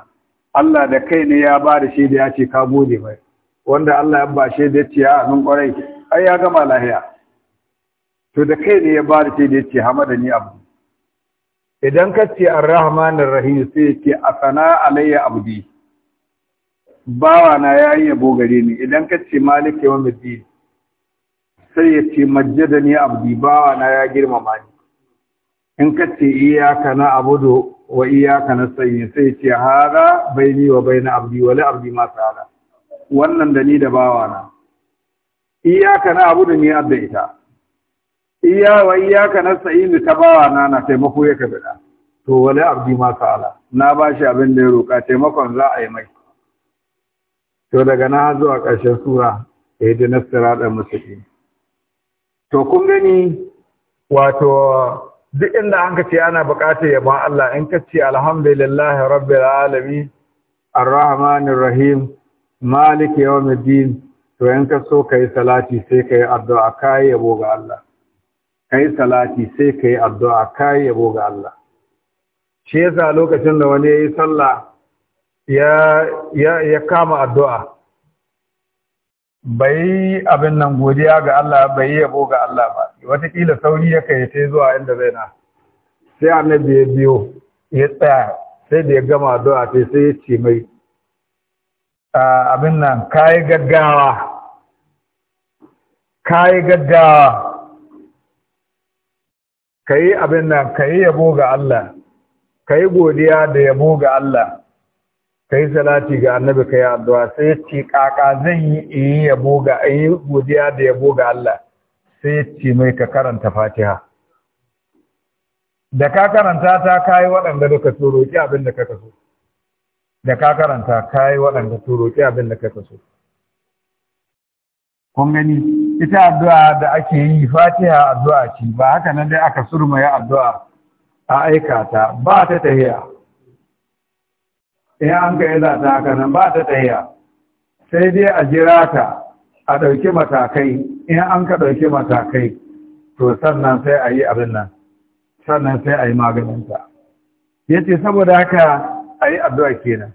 Allah da kai ne ya ba da shi da ya ce ka gode mai wanda Allah ya ba shi da ya ce ya kwarai ai ya gama lahiya to da kai ne ya ba da shi da ya ce hamadani abdi idan ka ce ar-rahmanir rahim sai ce sana alayya abdi Bawana ya yi yabo gare ni idan ka ce maliki yawmiddin sai ya ce ne abdi bawana ya girmama ni in ka ce iyaka na abudu wa iyaka na sanyi, sai ce hada baini wa baina abdi wani abdi masu hada wannan da ni da bawana. iyaka na abudu ne adda ita iya wa iyaka nasta'inu ta bawa na na taimako yake bida to wala abdi ma sa'ala na ba shi abin da ya roka taimakon za a yi mai to daga na zuwa ƙarshen sura ihdina siratal mustaqim to kun gani wato duk inda an ka ce ana bukatar yabon Allah in ka ce alhamdulillahi rabbil alamin arrahmanir rahim maliki yawmiddin to in ka so kai salati sai kai addu'a kai yabo ga Allah kai salati sai kai addu'a kai yabo ga Allah shi yasa lokacin da wani yayi sallah ya ya kama addu'a bai abin nan godiya ga Allah bai yabo ga Allah ba watakila sauri ya kai ta zuwa inda zai na sai annabi ya biyo ya tsaya sai da ya gama addu'a sai sai ya ce mai abin nan kayi gaggawa kayi gaggawa ka yi abin nan ka yi yabo ga Allah ka yi godiya da yabo ga Allah ka yi salati ga annabi ka yi addu'a sai ya ce kaka zan yi yi yabo ga yi godiya da yabo ga Allah sai ya ce mai ka karanta fatiha da ka karanta ta yi waɗanda duka so roƙi abin da ka so da ka karanta ka yi waɗanda so roƙi abin da ka so kun gani ita addu'a da ake yi fatiha addu'a ce ba haka nan dai aka surmaya addu'a a aika ta ba ta tahiya in an ka za ta haka nan ba ta tahiya sai dai a jira ta a ɗauki matakai in an ka ɗauki matakai to sannan sai a yi abin nan sannan sai a yi maganinta ya ce saboda haka a yi addu'a kenan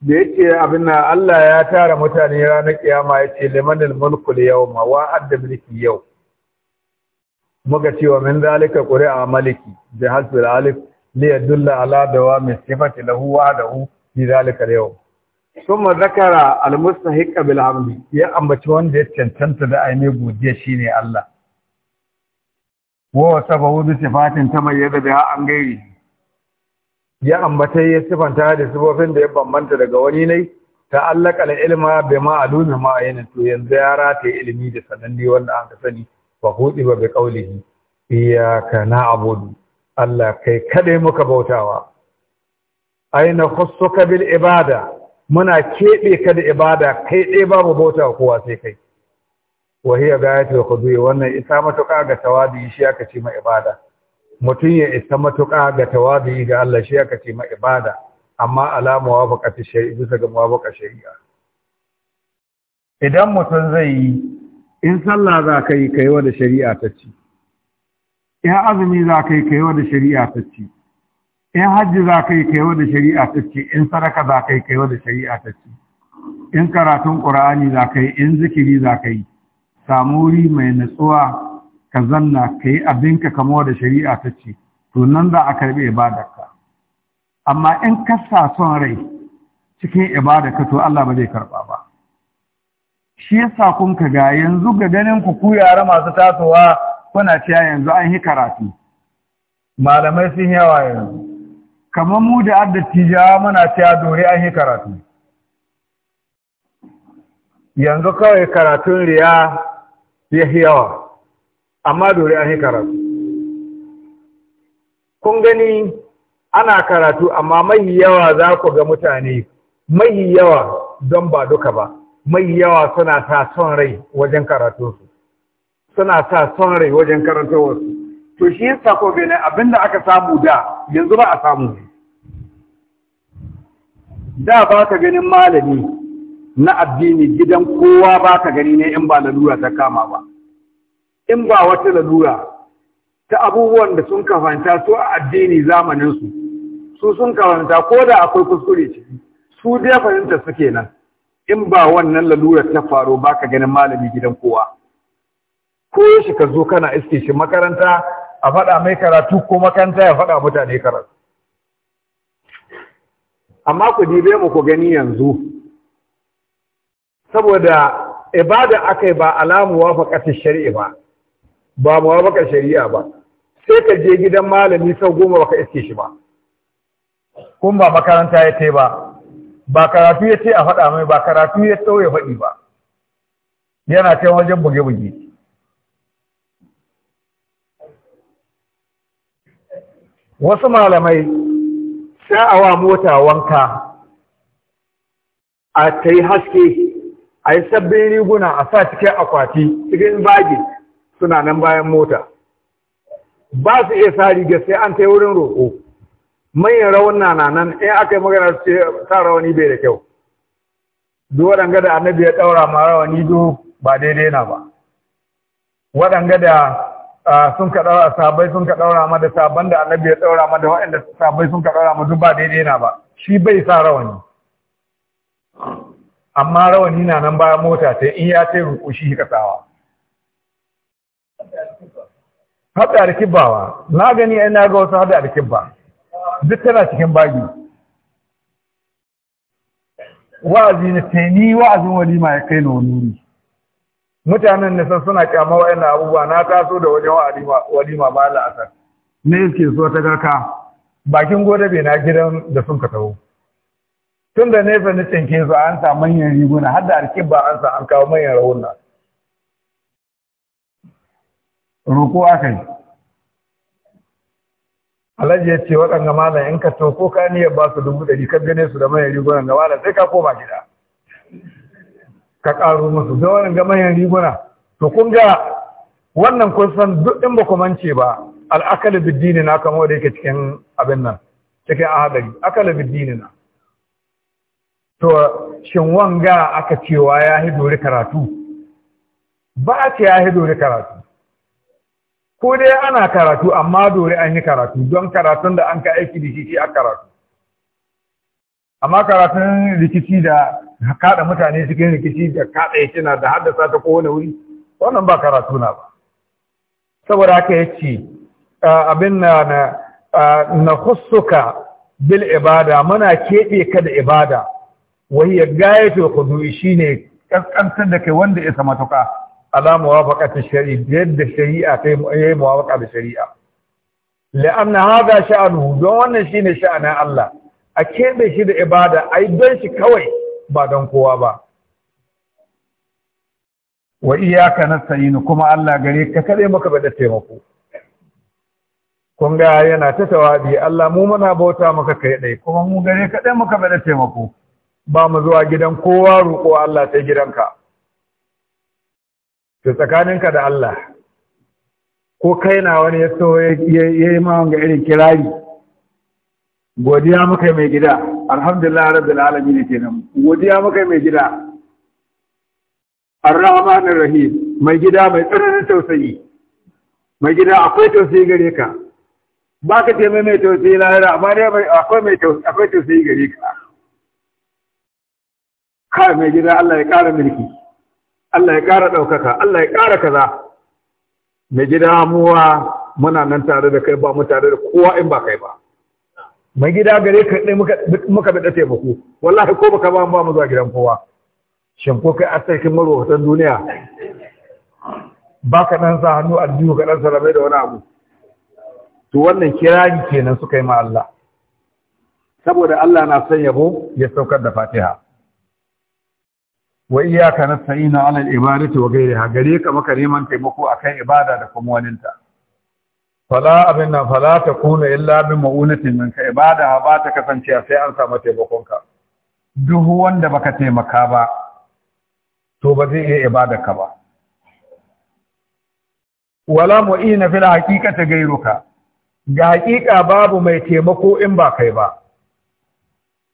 da yake abin na Allah ya tara mutane ranar kiyama ya ce limanil mulku yawma wa adda miliki yau muka ce wa min zalika a maliki bi hasbil alif li yadulla ala dawami sifati lahu wa dahu fi zalika yawm thumma zakara al bil hamdi ya ambaci wanda ya cancanta da aini mai godiya shine Allah wa sabahu bi sifatin tamayyada biha an gairi ya ambata ya sifanta da sifofin da ya bambanta daga wani ne Ta al-ilma a alumi ma ayna to yanzu ya rata ilimi da sananne wanda aka sani ba hudu ba iya ka na abudu Allah kai kada muka bautawa aina khassuka bil ibada muna keɓe ka da ibada kai dai babu bautawa kowa sai kai wa hiya gayatu khudwi wannan isa matuƙa ga tawadi shi aka ce ma ibada mutum ya isa matuƙa ga tawabi ga Allah shi aka ce ibada amma alama wafaqati shari'a bisa ga muwafaqa shari'a idan mutum zai yi in sallah za ka yi wa da shari'a ta ci in azumi za ka yi wa da shari'a ta ci in hajji za ka yi wa da shari'a ta ci in sadaka za ka yi wa da shari'a ta ci in karatun ƙur'ani za ka yi in zikiri za ka yi samuri mai natsuwa ka zanna ka yi abinka kamo da shari'a ta ce to nan za a karbi ibadarka amma in ka sa son rai cikin ibadarka to Allah ba zai karba ba shi yasa kun ka ga yanzu ga ganin ku ku yara masu tasowa kuna cewa yanzu an yi karatu malamai sun yawa yanzu kamar mu da addattijawa muna cewa dore an yi karatu yanzu kawai karatun riya ya yawa amma dore an yi karatu kun gani ana karatu amma mai yawa za ku ga mutane mai yawa don ba duka ba mai yawa suna sa son rai wajen karatunsu suna sa son rai wajen karantowarsu to shi yasa ko gani abinda aka samu da yanzu ba a samu da ba ka ganin malami na addini gidan kowa ba ka gani ne in ba lura ta kama ba in ba wata lalura ta abubuwan da sun kafanta su a addini zamaninsu su sun kafanta ko da akwai kuskure ciki su dai fahimta suke nan in ba wannan lalura ta faru ba ka ganin malami gidan kowa ko shi ka zo kana iske shi makaranta a faɗa mai karatu ko makaranta ya faɗa mutane karatu amma ku dibe mu ku gani yanzu saboda ibada akai ba alamu wafaqati shari'i ba ba mu baka shari'a ba sai ka je gidan malami sau goma baka iske shi ba kun ba makaranta ya ce ba ba karatu ya ce a faɗa mai ba karatu ya tsawo ya faɗi ba yana ta wajen buge-buge wasu malamai a wa mota wanka a ta yi haske a yi sabbin riguna a sa cikin akwati cikin bagin suna nan bayan mota ba su iya sa riga sai an ta wurin roƙo manyan rawan na nan in aka yi magana ce sa rawani bai da kyau duk waɗanga da annabi ya ɗaura ma rawani duk ba daidai na ba waɗanga da sun ka ɗaura sabai sun ka ɗaura ma da sabon da annabi ya ɗaura ma da waɗanda sabai sun ka ɗaura ma duk ba daidai na ba shi bai sa rawani amma rawani na nan bayan mota sai in ya ce ruku shi kasawa haɗa da kibbawa na gani ai na ga wasu a da kibba duk tana cikin bagi wa'azi na teni wa'azin walima ya kai na wani mutanen na suna kyama wa'annan abubuwa na taso da wajen walima ba la'asar Na yake so ta garka bakin gode bai na gidan da sun ka taho tun da nesa na cinke su an sa manyan riguna har da alkibba an sa an kawo manyan rahuna ruku aka yi alhaji ya ce waɗanda malam in ka tauko ka niyyar ba su dubu ɗari kan gane su da manyan riguna. ga da sai ka koma gida ka ƙaro musu don wani ga manyan riguna to kun ga wannan kun san duk ɗin ba kumance ba al'akali biddini na kamar da yake cikin abin nan cikin ahadari akali biddini na to shin wanga aka cewa ya hidori karatu ba a ce ya hidori karatu ko dai ana karatu amma dore an yi karatu don karatun da an ka aiki da shi a karatu amma karatun rikici da kada mutane cikin rikici da kada yake na da haddasa ta kowane wuri wannan ba karatu na ba saboda haka ya ce, abin na na bil ibada muna keɓe ka da ibada wai ya Kudu shi shine kaskantar da kai wanda ya sama ala muwafaqati shari'a yadda shari'a kai yayi muwafaqa da shari'a anna hada sha'anu don wannan shine sha'anin Allah a kebe shi da ibada ai don shi kawai ba don kowa ba wa iyyaka nasta'in kuma Allah gare ka kade maka bada taimako kun ga yana ta tawabi Allah mu muna bauta maka kai dai kuma mu gare ka dai muka bada taimako ba mu zuwa gidan kowa roƙo Allah sai gidanka to tsakaninka da Allah ko kai na wani ya so ya yi ma wanga irin kirari godiya muka mai gida alhamdulillah rabbil alamin kenan godiya muka mai gida ar rahim mai gida mai tsananin tausayi mai gida akwai tausayi gare ka ba ka ce mai tausayi lahira amma dai akwai mai akwai tausayi gare ka kai mai gida Allah ya kara mulki Allah ya ƙara ɗaukaka Allah ya ƙara kaza mai gida muwa muna nan tare da kai ba mu tare da kowa in ba kai ba mai gida gare ka ɗai muka bi da taimako wallahi ko baka ba ba mu zuwa gidan kowa shin ko kai a sarkin duniya ba ka ɗan sa hannu aljihu ka ɗan salamai da wani abu to wannan kirani kenan suka yi ma Allah saboda Allah na son yabo ya saukar da Fatiha wa iyyaka nasta'inu 'ala al-ibadati wa ghayriha gare ka maka neman taimako akan ibada da kuma waninta fala abin nan fala kuna, illa bi ma'unatin ka ibada ba ta kasance sai an samu taimakonka duk wanda baka taimaka ba to ba zai iya ibada ka ba wala mu'ina fil haqiqati ghayruka ga haƙiƙa babu mai taimako in ba kai ba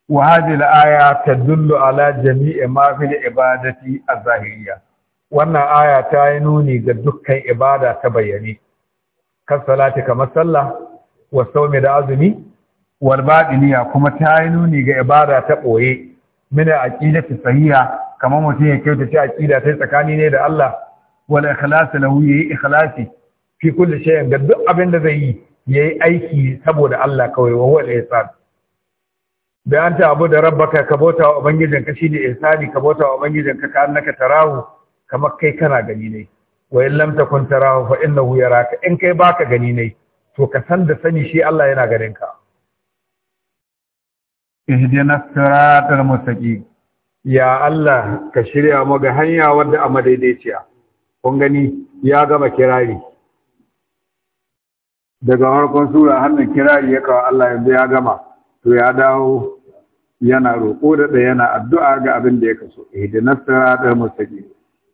وهذه الآية تدل على جميع ما في العبادة الظاهرية وأن آية تعينوني قد دكا عبادة تبيني كالصلاة كما صلى والصوم العظمي أزمي والباطنية كما تعينوني عبادة تقوي من العقيدة الصحيحة كما كيف كيوتا عقيدة تتكاني نيد الله والإخلاص له يي إخلاصي في كل شيء قد دك أبن ذي يي أيكي سبو الله كوي وهو الإحسان da an ta abu da rabbaka ka bauta wa ubangijinka shine ihsani ka bauta wa ubangijinka ka annaka tarahu kamar kai kana gani ne wa in lam takun tarahu fa innahu yaraka in kai baka gani ne to ka san da sani shi Allah yana ganin ka ihdina siratal mustaqim ya Allah ka shirya mu ga hanya wadda a madaidaiciya kun gani ya gama kirari daga farkon sura hannun kirari ya kawo Allah yanzu ya gama to ya dawo yana roƙo da ɗaya yana addu'a ga abin da ya kaso nasara da mustaqim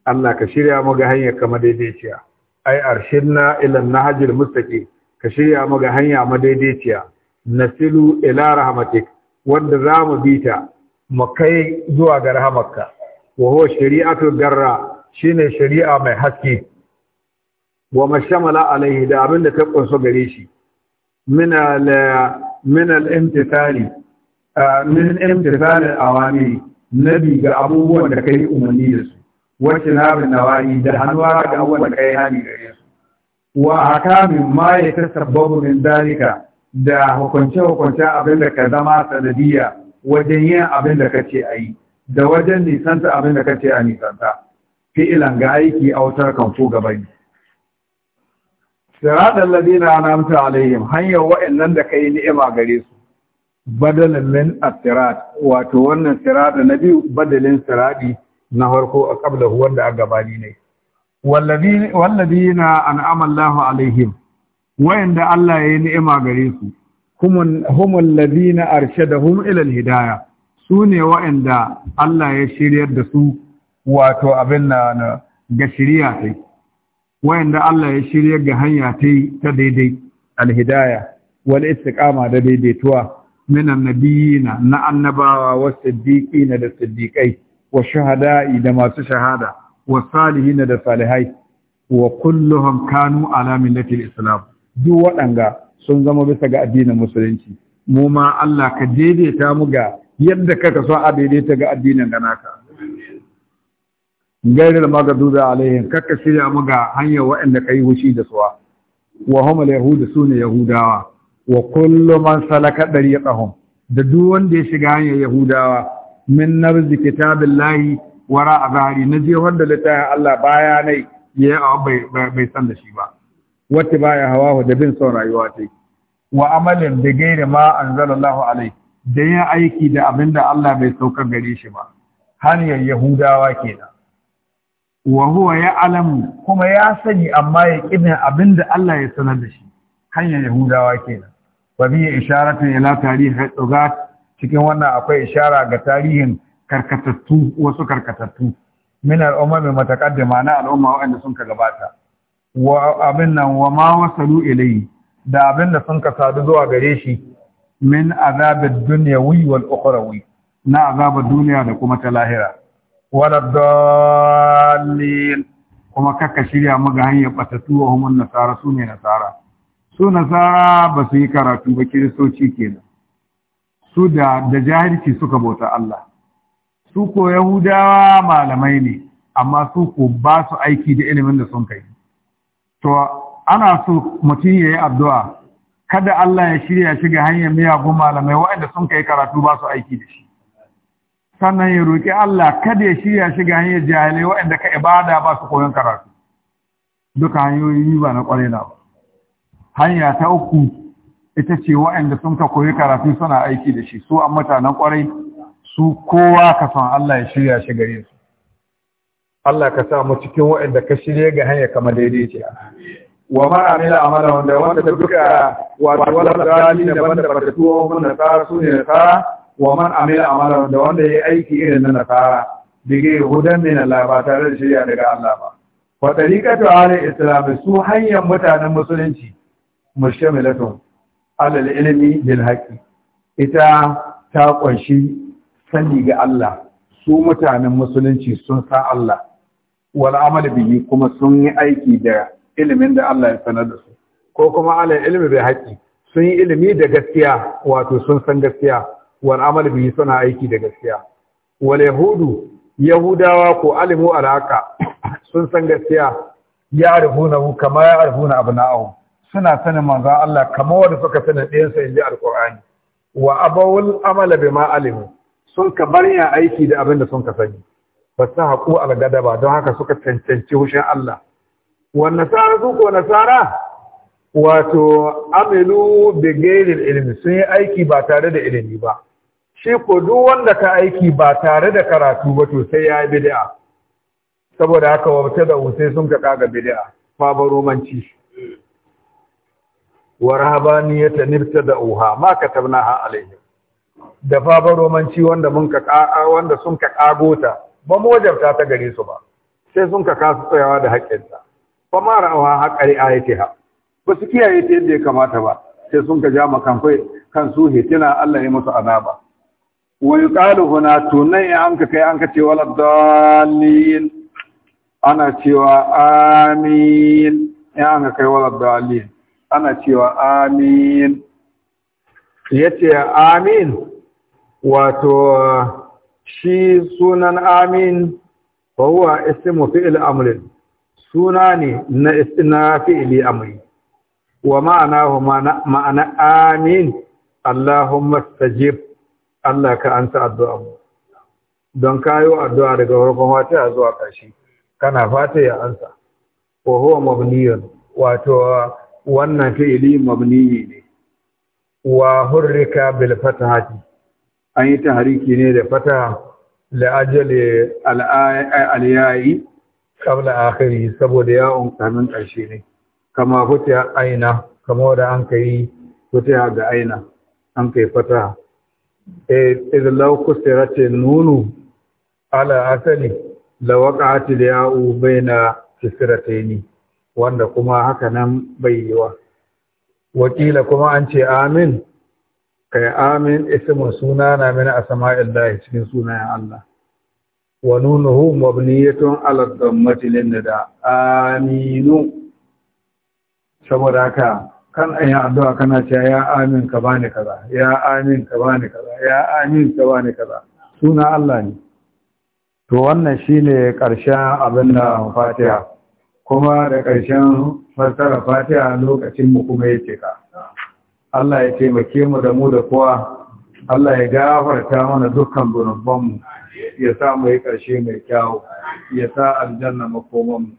Allah ka shirya mu ga hanya daidai daidaiciya ai arshidna ila nahjil mustaqi ka shirya mu ga hanya madaidaiciya nasilu ila rahmatik wanda za mu bi ta mu kai zuwa ga rahmatka wa huwa shari'atu garra shine shari'a mai haske wa mashamala alaihi da abin da ta kunso gare shi min al min al imtithali min al awami nabi ga abubuwan da kai umarni da su wacce na bin da hannuwa ga abubuwan da kai hani gare su wa min ma ya tasabbabu min dalika da hukunce hukunce abin da ka zama sanadiya wajen yin abin da kace a yi da wajen nisanta abin da kace a nisanta fi'ilan ga aiki a wutar kanko gaban sirat ladina an'amta alaihim hanyar wa'annan da kai ni'ima gare su badalan min asirat wato wannan sirada na biyu badalin siradi na farko a kabla wanda a gabani ne wallazina an'ama Allahu alaihim da Allah ya yi ni'ima gare su humul ladina arshadahum ila alhidayah sune wanda Allah ya shiryar da su wato abin na ga shiriya tai wayanda Allah ya shiryar ga hanya ta daidai alhidayah wal istiqama da daidaituwa minan nabiyina na annabawa wa na da siddiqai wa Shahadai da masu shahada wa salihina da salihai wa kulluhum kanu ala millati islam duk waɗanga sun zama bisa ga addinin musulunci mu ma Allah ka daidaita mu yadda kaka so a daidaita ga addinin ga naka gairar magaduda alaihim kakka shirya mu ga hanyar waɗanda yi wushi da suwa wa hum al-yahud sune yahudawa wa kullu man salaka dariqahum da duk wanda ya shiga hanyar yahudawa min narzi kitabillahi wara azari na je wanda littafin Allah baya nai ya bai bai san da shi ba wata baya hawa da bin son rayuwa ta wa amalin da gaira ma anzalallahu alai da yin aiki da abinda Allah bai saukar gare shi ba hanyar yahudawa kenan wa huwa ya alamu kuma ya sani amma ya kina abinda Allah ya sanar da shi hanyar yahudawa kenan fa bi isharatun ila tarihi dugat cikin wannan akwai ishara ga tarihin karkatattu wasu karkatattu min al'umami mataqaddima na al'umma wanda sun ka gabata wa abin nan wa ma wasalu ilayhi da abin da sun ka sadu zuwa gare shi min azabid dunyawi wal ukhrawi na azabar duniya da kuma ta lahira wala dallin kuma kakka shirya maga hanyar batatu wa humun nasara su ne nasara su nasara ba su yi karatu ba kiristoci kenan su da da jahilci suka bauta Allah su ko yahudawa malamai ne amma su ko ba su aiki da ilimin da sun kai to ana so mutum ya yi addu'a kada Allah ya shirya shi ga hanyar miyagun malamai waɗanda sun kai karatu ba su aiki da shi sannan ya roƙi Allah kada ya shirya shi ga hanyar jahilai waɗanda ka ibada ba su koyon karatu duka hanyoyi ba na ƙwarai na ba hanya ta uku ita ce wa'anda sun ka koyi karatu suna aiki da shi su an mutanen kwarai su kowa ka san Allah ya shirya shi gare su Allah ka sa mu cikin wa'anda ka shirya ga hanya kama daidai ce wa ma amila amala wanda wanda duka ta wala dalili daban da barkatu wa mun nasara su ne nasara wa man amila amala wanda wanda yi aiki irin na nasara dige hudan min Allah ba tare da shirya daga Allah ba wa tariqatu ala islam su hanyar mutanen musulunci mushtamilatun alal ilmi bil haqi ita ta kunshi sani ga Allah su mutanen musulunci sun san Allah wal amal bihi kuma sun yi aiki da ilimin da Allah ya sanar da su ko kuma alal ilmi bil haqi sun yi ilimi da gaskiya wato sun san gaskiya wal amal bihi suna aiki da gaskiya wal yahudu yahudawa ko alimu alaka sun san gaskiya ya arifuna kama ya arifuna abna'ahum suna sanin manzan Allah kamar wanda suka sanin ɗayansa in ji alƙur'ani wa abawul amala bi ma alimu sun ka bar aiki da abin da sun ka sani ba su haƙu algadaba don haka suka cancanci hushin Allah wa nasara su ko nasara wato amilu bi ilimi ilmi sun yi aiki ba tare da ilimi ba shi ko duk wanda ka aiki ba tare da karatu ba to sai ya yi bid'a saboda haka wa da sai sun ka kaga bid'a fa shi wa rahabaniyata nibtada'uha ma katabnaha alaihim da fabar romanci wanda mun ka ka'a wanda sun ka kago ta ba mu wajabta ta gare su ba sai sun ka kasu tsayawa da ta fa ma ra'awa haƙari ayatiha ba su kiyaye ta yadda ya kamata ba sai sun ka ja makan kai kan su hitina Allah ya musu azaba wa yuqalu huna tunai an ka kai an ka ce wala dalil ana cewa amin ya an ka kai wala dalil ana cewa amin ya ce amin wato shi sunan amin ba huwa mu fi il'amurin. suna ne na fi fi'li wa ma'anahu ma'ana amin Allahumma stajib Allah ka anta addu'a don kayo addu'a daga farkon fatiha zuwa kashi kana fata ya ansa wa huwa mabniyun wato wannan fi'ili mabniyi ne wa hurrika bil fatahati an yi tahriki ne da fataha la ajali al yayi qabla akhiri saboda ya kamin karshe ne kama futiya aina kama da an kai futiya ga aina an kai fataha eh idan law kusirat nunu ala asali la waqa'at al ya'u baina ni. wanda kuma haka nan bai yi wa? wakila kuma an ce amin kai amin ismin suna na mini min asma'illahi cikin sunayen Allah wa nunuhu mabniyatun matilin da da aminu saboda haka kan ayi addu'a kana cewa ya amin ka bani kaza ya amin ka bani kaza ya amin ka bani kaza suna Allah ne to wannan shi ne ƙarshen abin da fatiha kuma da ƙarshen fassara fatiha lokacin mu kuma ya cika Allah ya taimake mu da mu da kowa Allah ya gafarta mana dukkan mu ya sa mu yi ƙarshe mai kyau ya sa aljanna makomanmu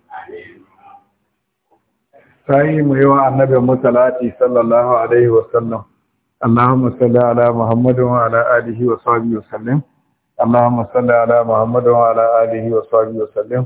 sai mu yi wa annabi musalati sallallahu alaihi wasallam اللهم صل على محمد وعلى آله وصحبه وسلم اللهم صل على محمد وعلى آله وصحبه وسلم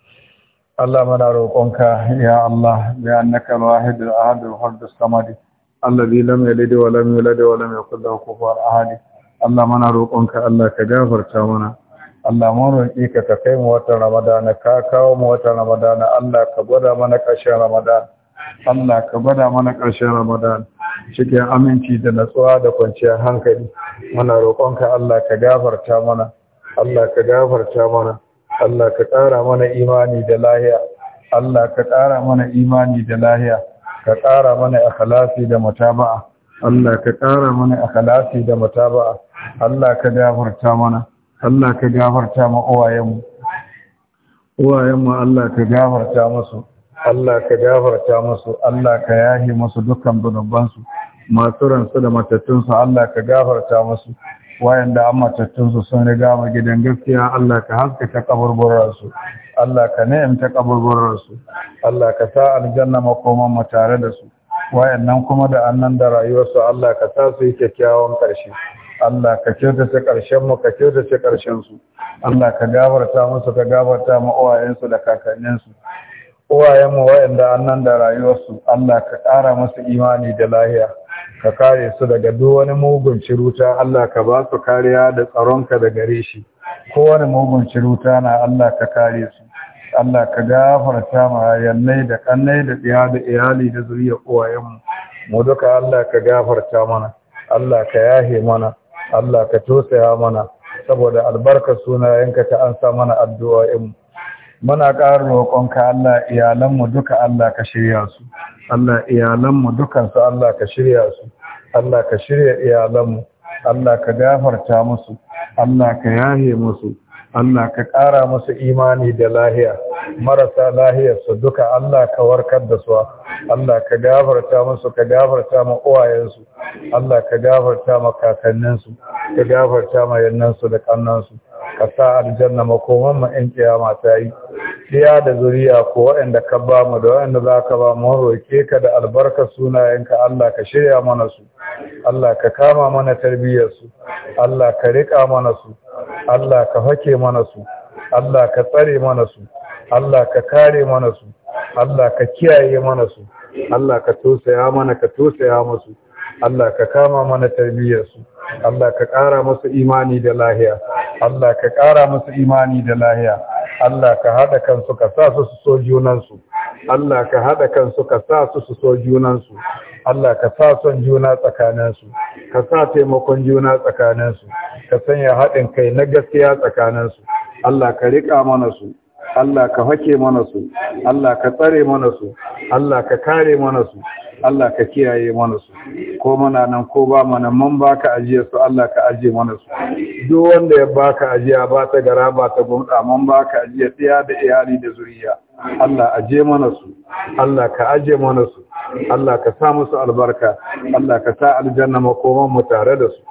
Allah mana roƙonka ya Allah bi annaka al-wahid al-ahad al-fard samadi, samad alladhi lam yalid wa lam yulad wa lam yakul lahu kufuwan ahad Allah mana roƙonka Allah ka gafarta mana Allah mu roƙi ka ka kai mu watan Ramadan ka kawo mu watan Ramadan Allah ka gwada mana ƙarshen Ramadan Allah ka gwada mana ƙarshen Ramadan cikin aminci da natsuwa da kwanciyar hankali muna roƙonka Allah ka gafarta mana Allah ka gafarta mana Allah ka ƙara mana imani da lahiya Allah ka ƙara mana imani da lahiya ka ƙara mana akhlasi da mutaba'a Allah ka ƙara mana akhlasi da mutaba'a Allah ka gafarta mana Allah ka gafarta ma uwayenmu uwayenmu Allah ka gafarta musu Allah ka gafarta musu Allah ka yahi musu dukkan zunubansu masu ransu da matattunsu Allah ka gafarta musu wayanda an matattunsu sun riga ma gidan gaskiya Allah ka haskaka kaburburarsu Allah ka ni'imta kaburburarsu Allah ka sa aljanna makoman mu tare da su wayannan kuma da annan da rayuwarsu Allah ka sa su yi kyakkyawan ƙarshe Allah ka kyautace karshen mu ka ta ƙarshen su Allah ka gabarta musu ka gabarta ma uwayensu da kakanninsu uwayenmu waɗanda annan da rayuwarsu Allah ka ƙara masu imani da lahiya ka kare su daga duk wani mugun ciruta Allah ka ba su kariya da tsaronka da gare shi kowane mugun ciruta na Allah ka kare su Allah ka gafarta ma yannai da kannai da tsiya da iyali da zuriya uwayenmu mu duka Allah ka gafarta mana Allah ka yahe mana Allah ka tosaya mana saboda albarkar sunayenka ta an sa mana addu'o'in muna ƙara ka Allah iyalanmu duka Allah ka shirya su Allah iyalanmu dukansu Allah ka shirya su Allah ka shirya iyalanmu Allah ka gafarta musu Allah ka yahe musu Allah ka ƙara musu imani da lahiya marasa lahiyarsu duka Allah ka warkar da su Allah ka gafarta musu ka gafarta ma uwayensu Allah ka gafarta ma kakanninsu ka gafarta ma yannansu da kannansu ka sa aljanna makoman ma in kiyama ta yi iya da zuriya ko waɗanda ka ba mu da waɗanda za ka ba mu roke ka da albarka sunayenka Allah ka shirya mana su Allah ka kama mana tarbiyyar su Allah ka riƙa mana su Allah ka hake mana su Allah ka tsare mana su Allah ka kare mana su Allah ka kiyaye mana su Allah ka tosaya mana ka tosaya musu Allah ka kama mana tarbiyyarsu Allah ka ƙara musu imani da lahiya Allah ka ƙara musu imani da lahiya Allah ka haɗa kansu ka sa su su so junansu Allah ka haɗa kansu ka sa su su so junansu Allah ka sa son juna tsakaninsu ka sa taimakon juna tsakaninsu ka sanya haɗin kai na gaskiya tsakaninsu Allah ka riƙa mana su Allah ka hake mana su Allah ka tsare mana su Allah ka kare mana su Allah ka kiyaye mana su ko mana nan ko ba mana man baka ajiya su Allah ka ajiye mana su duk wanda ya baka ajiya ba ta gara ba ta gumda man baka ajiya tsaya da iyali da zuriya Allah aje mana su Allah ka ajiye mana su Allah ka sa musu albarka Allah ka sa aljanna makoman mu tare da su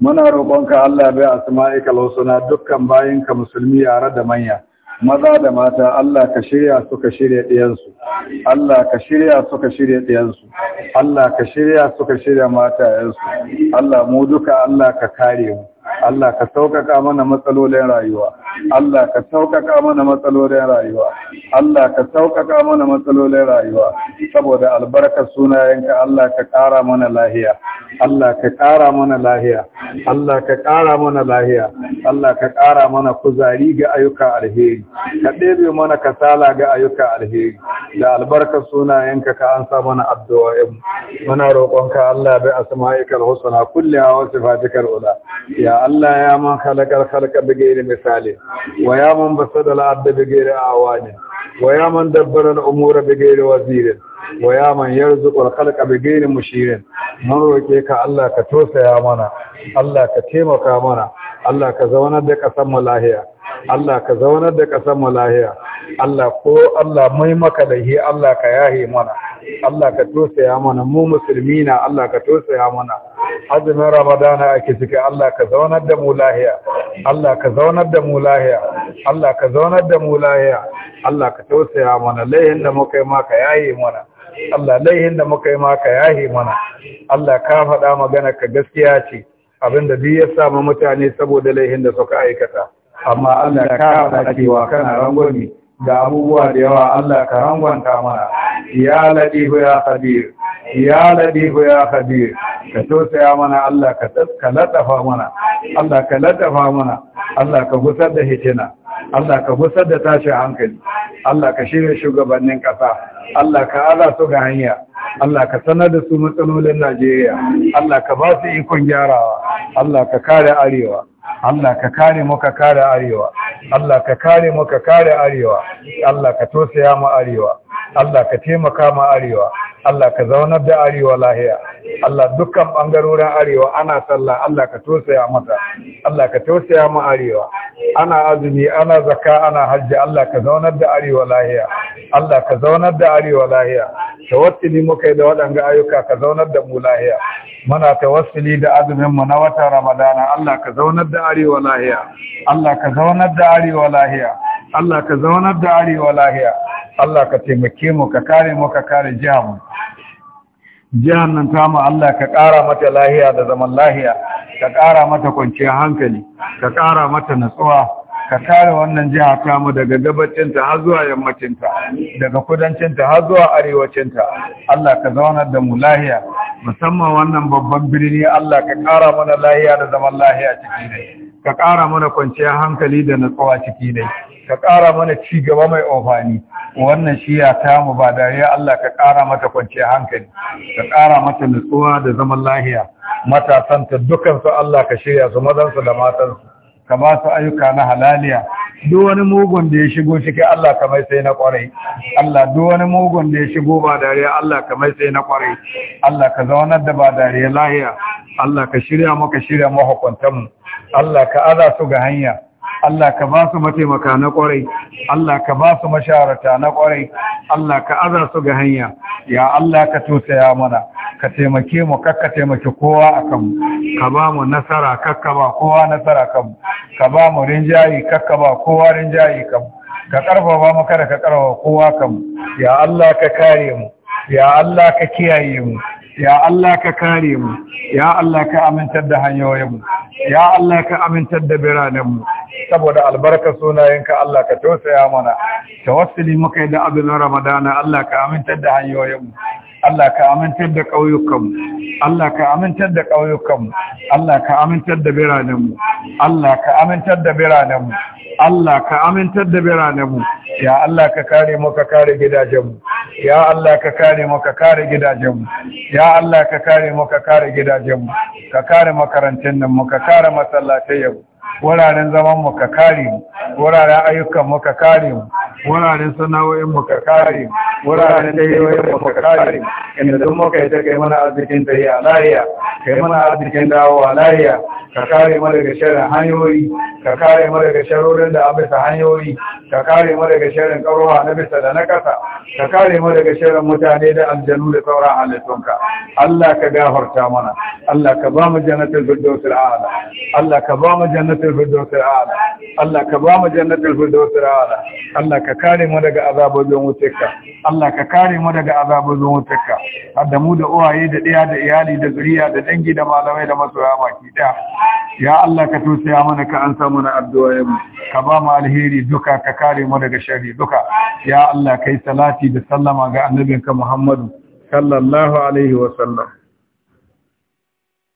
muna roƙonka Allah bai asma'ika lausuna dukkan bayinka musulmi yare da manya maza da mata Allah ka shirya suka shirya ɗiyansu Allah ka shirya suka shirya ɗiyansu Allah ka shirya suka shirya matayansu, Allah mu duka Allah ka kare mu Allah ka sauƙaƙa mana matsalolin rayuwa Allah ka sauƙaƙa mana matsalolin rayuwa Allah ka sauƙaƙa mana matsalolin rayuwa saboda albarkar sunayenka Allah ka ƙara mana lahiya Allah ka ƙara mana lahiya Allah ka ƙara mana lahiya Allah ka ƙara mana kuzari ga ayyuka alheri ka ɗebe mana kasala ga ayyuka alheri da albarkar sunayenka ka ansa mana addu'o'in muna roƙonka Allah bi asma'ikal husna kulliha wa sifatikal ula ya Allah ya man khalaqal halka bi ghairi misali wa ya man basada al-abda bi a awani wa ya man dabbara umura bi ghairi wazirin wa ya man yarzuqu al halka bi ghairi mushirin mun roƙe ka Allah ka tosaya mana Allah ka taimaka mana Allah ka zaunar da kasan mu lahiya Allah ka zaunar da ƙasar mu lahiya Allah ko Allah mai maka lahi Allah ka yahe mana Allah ka tosaya mana mu musulmi na Allah ka tosaya mana azumin ramadana ake cika Allah ka zaunar da mu lahiya Allah ka zaunar da mu lahiya Allah ka zaunar da mu lahiya Allah ka tosaya mana laihin da muka yi maka yahe mana Allah laihin da muka yi maka yahe mana Allah ka faɗa magana ka gaskiya ce abinda duk ya samu mutane saboda laihin da suka aikata amma Allah ka faɗa cewa kana rangwani ga abubuwa da yawa Allah ka rangwanta mana ya ladifu ya khabir ya ladifu ya khabir ka tausaya mana Allah ka ka mana Allah ka ladafa mana Allah ka gusar da hitina Allah ka gusar da tashin hankali Allah ka shirya shugabannin ƙasa Allah ka ala su ga hanya Allah ka sanar da su matsalolin Najeriya Allah ka ba su ikon gyarawa Allah ka kare arewa Allah ka kare mu kare arewa Allah ka kare mu kare arewa Allah ka tosaya mu arewa Allah ka taimaka ma arewa Allah ka zaunar da arewa lahiya Allah dukkan bangarorin arewa ana sallah Allah ka tausaya mata Allah ka tausaya ma arewa ana azumi ana zakka ana hajji Allah ka zaunar da arewa lahiya Allah ka zaunar da arewa lahiya tawassuli muka yi da waɗanga ayyuka ka zaunar da mu lahiya muna tawassuli da azumin mu na watan Ramadana Allah ka zaunar da arewa lahiya Allah ka zaunar da arewa lahiya Allah ka zaunar da arewa lahiya Allah ka taimake mu ka kare mu ka kare jihar mu jihar nan ta mu Allah ka ƙara mata lahiya da zaman lahiya ka ƙara mata kwanciyar hankali ka ƙara mata natsuwa ka kare wannan jiha mu daga gabacinta har zuwa yammacinta daga kudancinta har zuwa arewacinta Allah ka zaunar da mu lahiya musamman wannan babban birni Allah ka ƙara mana lahiya da zaman lahiya ciki ne ka ƙara mana kwanciyar hankali da natsuwa ciki ne ka ƙara mana ci gaba mai amfani wannan shiya ta mu ba dariya Allah ka ƙara mata kwanciyar hankali ka ƙara mata nutsuwa da zaman lahiya dukkan dukansu Allah ka shirya su mazan su da matan su. ka ba su ayyuka na halaliya duk wani mugun da ya shigo ciki Allah ka mai sai na kwarai Allah duk wani mugun da ya shigo ba dariya Allah ka mai sai na kwarai Allah ka zaunar da ba dariya lahiya Allah ka shirya maka shirya mahukuntan mu Allah ka aza su ga hanya Allah ka ba su mataimaka na ƙwarai. Allah ka ba su masharata na ƙwarai. Allah ka azar su ga hanya ya Allah ka ya mana ka taimake mu kakka taimake kowa a kanmu ka ba mu nasara kakka ba kowa nasara kanmu ka ba mu rinjayi kakka ba kowa rinjaye kanmu ka karfafa mu kada ka karfafa kowa kanmu ya Allah ka kare mu ya Allah ka kiyaye mu ya Allah ka kare mu ya Allah ka amintar da hanyoyin mu, ya Allah ka amintar da biranen mu saboda albarka sunayenka Allah ka tausaya mana tawassuli muka da azumin ramadana Allah ka amintar da hanyoyin mu, Allah ka amintar da mu, Allah ka amintar da mu, Allah ka amintar da biranen mu, Allah ka amintar da biranen mu, Allah ka amintar da biranen mu. ya Allah ka kare mu ka kare gidajenmu ya Allah ka kare mu ka kare gidajenmu ya Allah ka kare mu ka kare gidajenmu ka kare makarantun nan mu ka kare masallatai yau wuraren zaman mu ka kare mu wuraren ayyukan mu ka kare mu wuraren sana'o'in mu ka kare mu wuraren dayoyin mu ka kare mu inda duk muka yi ta kai mana arzikin ta yi a lariya kai mana arzikin dawo a lariya. ka kare mu daga sharrin hanyoyi ka kare mu daga sharorin da abisa hanyoyi ka kare mu daga sharrin karuwa na bisa da na kasa ka kare mu daga sharrin mutane da aljanu da sauran halittunka Allah ka gafarta mana Allah ka ba mu jannatul firdausil a'la Allah ka ba mu jannatul jannatul firdaus ala Allah ka ba mu jannatul firdaus ala Allah ka kare mu daga azabun wutarka Allah ka kare mu daga azabun wutarka hadda mu da uwaye da ɗaya da iyali da zuriya da dangi da malamai da masoya baki da ya Allah ka tausaya mana ka an samu na addu'o'in ka ba mu alheri duka ka kare mu daga sharri duka ya Allah kai salati da sallama ga annabinka Muhammadu sallallahu alaihi wa sallam